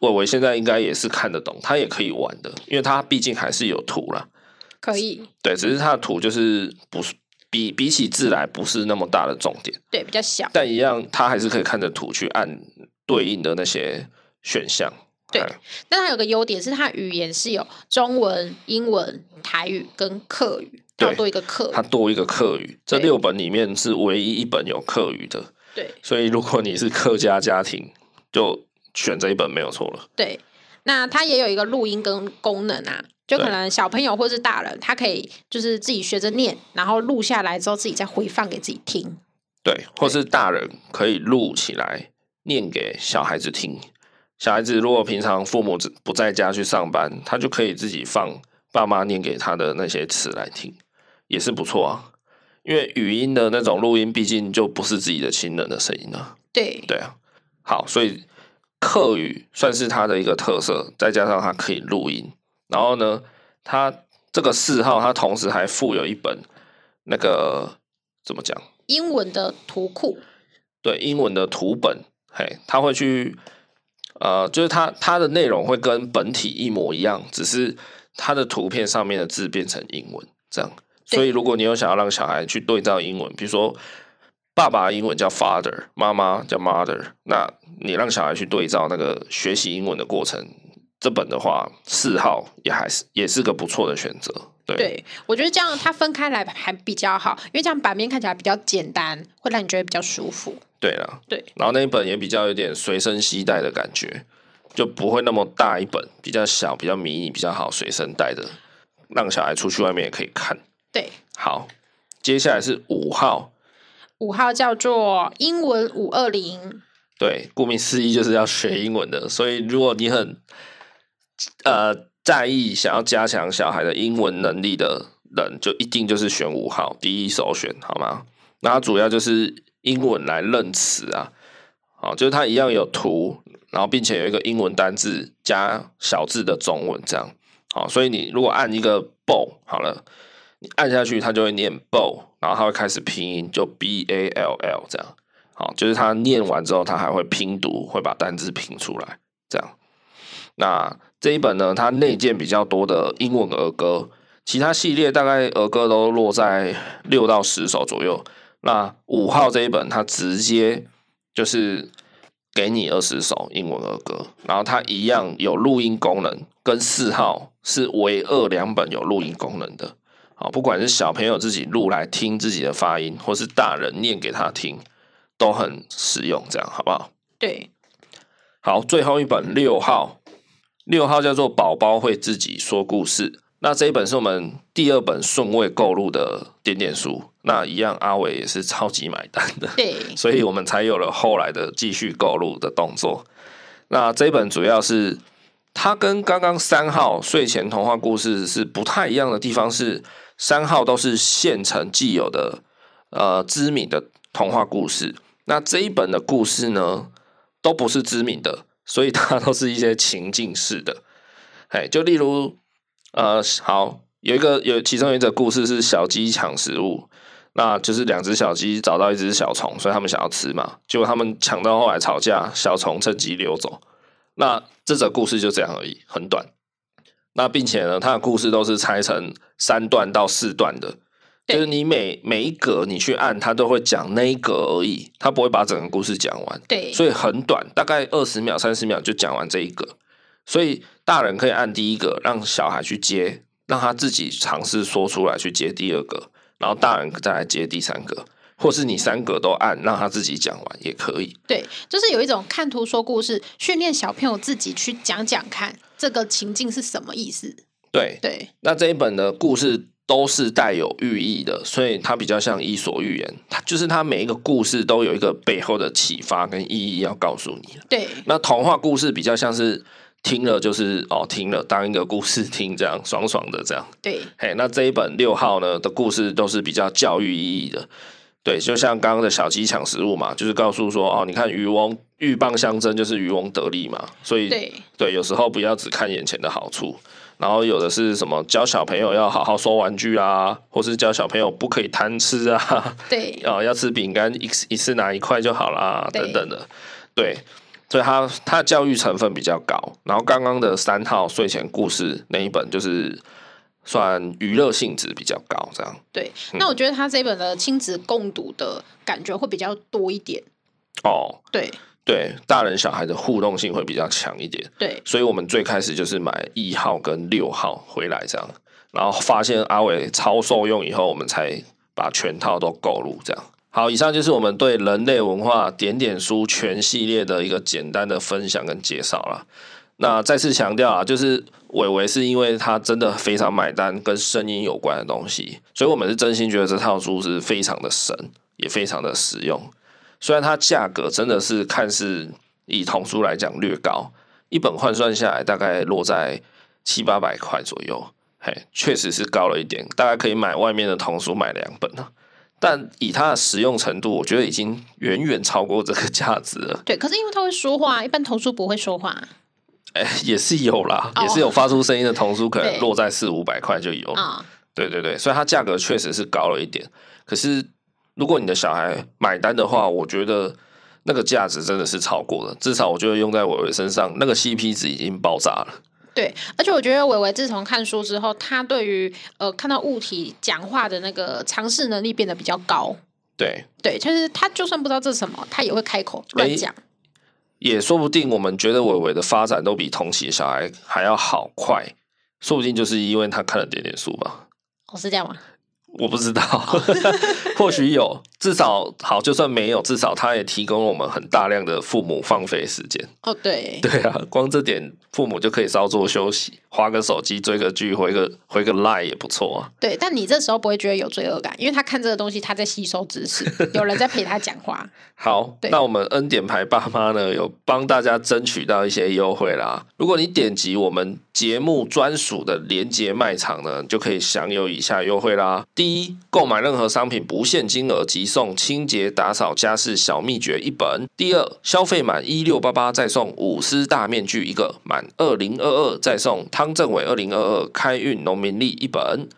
偉偉現在應該也是看得懂，他也可以玩的，因為他畢竟還是有圖啦。可以。對，只是他的圖就是不是比比起字來不是那麼大的重點。對，比較小。但一樣，他還是可以看着圖去按對應的那些選項。對，嗯，但他有個優點是，他語言是有中文、英文、台語跟客語。要多一個客，它多一個客語，這六本裡面是唯一一本有客語的。對，所以如果你是客家家庭，就選這一本沒有錯了。對，那它也有一個錄音跟功能啊，就可能小朋友或是大人，他可以就是自己學着念，然後錄下來之後自己再回放給自己聽。對，或是大人可以錄起來念給小孩子聽。小孩子如果平常父母不在家去上班，他就可以自己放。爸媽念給他的那些詞來聽也是不錯啊，因為語音的那種錄音畢竟就不是自己的親人的聲音啊。對對啊，好，所以客語算是他的一個特色，再加上它可以錄音，然後呢，它這個四號它同時還附有一本那個怎麼講？英文的圖庫？對，英文的圖本。嘿，他會去呃，就是它它的內容會跟本體一模一樣，只是。它的圖片上面的字變成英文，這樣。所以如果你有想要讓小孩去對照英文，比如說爸爸的英文叫 father，媽媽叫 mother，那你讓小孩去對照那個學習英文的過程，這本的話，四號也還是也是個不錯的選擇。對，我覺得這樣它分開來還比較好，因為這樣版面看起來比較簡單，會讓你覺得比較舒服。對了，對，然後那一本也比較有點隨身攜帶的感覺。就不會那麼大一本，比較小，比較迷你，比較好隨身帶着，讓小孩出去外面也可以看。對，好，接下來是五號，五號叫做英文五二零。對，顧名思義就是要學英文的，所以如果你很呃在意想要加強小孩的英文能力的人，就一定就是選五號第一首選，好嗎？那主要就是英文來認詞啊。啊，就是它一樣有圖，然後，並且有一個英文單字加小字的中文這樣。好，所以你如果按一個 ball 好了，你按下去它就會念 ball，然後它會開始拼音，就 b a l l 這樣。好，就是它念完之後，它還會拼讀，會把單字拼出來這樣。那這一本呢，它內建比較多的英文兒歌，其他系列大概兒歌都落在六到十首左右。那五號這一本，它直接。就是給你二十首英文兒歌，然後它一樣有錄音功能，跟四號是唯二兩本有錄音功能的。好，不管是小朋友自己錄來聽自己的發音，或是大人念給他聽，都很實用，這樣好不好？對，好，最後一本六號，六號叫做《寶寶會自己說故事》。那這一本是我們第二本順位購入的點點書，那一樣阿偉也是超級買單的，對 所以我們才有了後來的繼續購入的動作。那這一本主要是它跟剛剛三號睡前童話故事是不太一樣的地方是，三號都是現成既有的呃知名的童話故事，那這一本的故事呢都不是知名的，所以它都是一些情境式的，哎，就例如。呃，好，有一個有其中有一個故事是小雞搶食物，那就是兩只小雞找到一只小蟲，所以他們想要吃嘛，結果他們搶到後來吵架，小蟲趁機溜走。那這則故事就這樣而已，很短。那並且呢，它的故事都是拆成三段到四段的，就是你每每一格你去按，它都會講那一個而已，它不會把整個故事講完。對，所以很短，大概二十秒、三十秒就講完這一個。所以大人可以按第一個，讓小孩去接，讓他自己嘗試說出來去接第二個，然後大人再來接第三個，或是你三個都按、嗯，讓他自己講完也可以。對，就是有一種看圖說故事，訓練小朋友自己去講講看這個情境是什麼意思。對對，那這一本的故事都是帶有寓意的，所以它比較像伊索寓言，它就是它每一個故事都有一個背後的啟發跟意義要告訴你。對，那童話故事比較像是。聽了就是哦，聽了當一個故事聽，這樣爽爽的這樣。對，hey, 那這一本六號呢，的故事都是比較教育意義的，對，就像剛剛的小雞搶食物嘛，就是告訴說哦，你看漁翁鷸蚌相爭就是漁翁得利嘛，所以對，對，有時候不要只看眼前的好處，然後有的是什麼教小朋友要好好收玩具啊，或是教小朋友不可以貪吃啊，對，哦，要吃餅乾一一次拿一塊就好啦等等的，對。所以他他的教育成分比較高，然後剛剛的三號睡前故事那一本就是算娛樂性質比較高，這樣。對、嗯，那我覺得他這一本的親子共讀的感覺會比較多一點。哦，對對，大人小孩的互動性會比較強一點。對，所以我們最開始就是買一號跟六號回來這樣，然後發現阿偉超受用以後，我們才把全套都購入這樣。好，以上就是我們對人類文化點點書全系列的一個簡單的分享跟介紹了。那再次強調啊，就是偉偉是因為他真的非常買單跟聲音有關的東西，所以我們是真心覺得這套書是非常的神，也非常的實用。雖然它價格真的是看似以童書來講略高，一本換算下來大概落在七八百塊左右，嘿，確實是高了一點，大概可以買外面的童書買兩本。但以它的實用程度，我覺得已經遠遠超過這個價值了。對，可是因為它會說話，一般童書不會說話。哎、欸，也是有啦，也是有發出聲音的童書，可能落在四五百塊就有啊。對對對，所以它價格確實是高了一點、嗯。可是如果你的小孩買單的話，嗯、我覺得那個價值真的是超過了。至少我覺得用在我的身上，那個 CP 值已經爆炸了。對，而且我覺得偉偉自從看書之後，他對於呃看到物體講話的那個嘗試能力變得比較高。對，對，就是他就算不知道這是什麼，他也會開口亂講、欸。也說不定我們覺得偉偉的發展都比同期小孩還要好快，說不定就是因為他看了點點書吧？哦，是這樣嗎？我不知道，哦， 或許有，至少好，就算沒有，至少他也提供我們很大量的父母放飛時間。哦，對，對啊，光這點父母就可以稍作休息。花個手機追個劇回個回個 Line 也不錯啊。對，但你這時候不會覺得有罪惡感，因為他看這個東西，他在吸收知識， 有人在陪他講話。好，那我們恩典牌爸媽呢，有幫大家爭取到一些優惠啦。如果你點擊我們節目專屬的連接賣場呢，就可以享有以下優惠啦：第一，購買任何商品不限金額即送清潔打掃家事小秘訣一本；第二，消費滿一六八八再送舞獅大面具一個，滿二零二二再送。湯鎮瑋二零二二開運農民曆一本，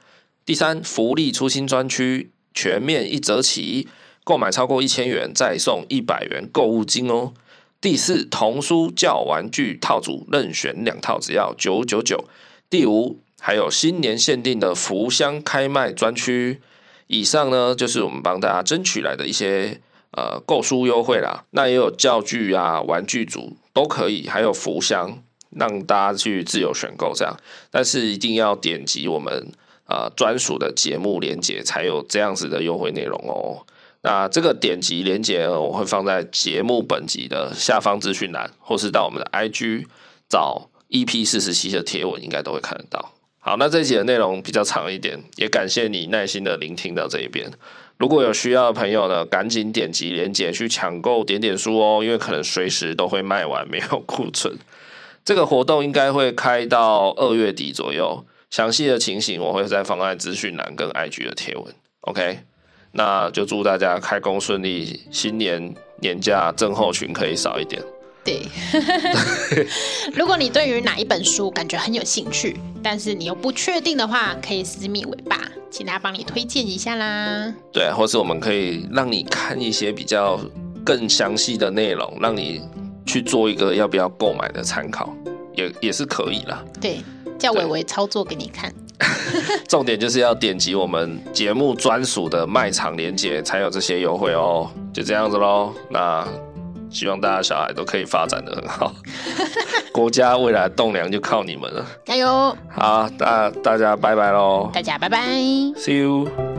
第三，福利出新專區全面一折起，購買超過一千元再送一百元購物金哦。第四，童書教玩具套組任選兩套只要九九九。第五，還有新年限定的福箱開賣專區。以上呢，就是我們幫大家爭取來的一些呃購書優惠啦，那也有教具啊、玩具組都可以，還有福箱。讓大家去自由選購這樣，但是一定要點擊我們呃專屬的節目鏈接，才有這樣子的優惠內容哦。那這個點擊鏈接我會放在節目本集的下方資訊欄，或是到我們的 IG 找 EP 四十七的貼文，應該都會看得到。好，那這集的內容比較長一點，也感謝你耐心的聆聽到這一邊。如果有需要的朋友呢，趕緊點擊鏈接去搶購點點書哦，因為可能隨時都會賣完，沒有庫存。這個活動應該會開到二月底左右，詳細的情形，我會在放在資訊欄跟 IG 的貼文。OK，那就祝大家開工順利，新年年假症候群可以少一點。對，對 如果你對於哪一本書感覺很有興趣，但是你又不確定的話，可以私密尾巴，請他幫你推薦一下啦。對，或是我們可以讓你看一些比較更詳細的內容，讓你。去做一個要不要購買的參考，也也是可以啦。對，叫偉偉操作給你看。 重點就是要點擊我們節目專屬的賣場連結，才有這些優惠哦、喔。就這樣子嘍。那希望大家小孩都可以發展得很好， 國家未來棟梁就靠你們了。加油！好，大大家拜拜嘍！大家拜拜，家拜，拜，See you。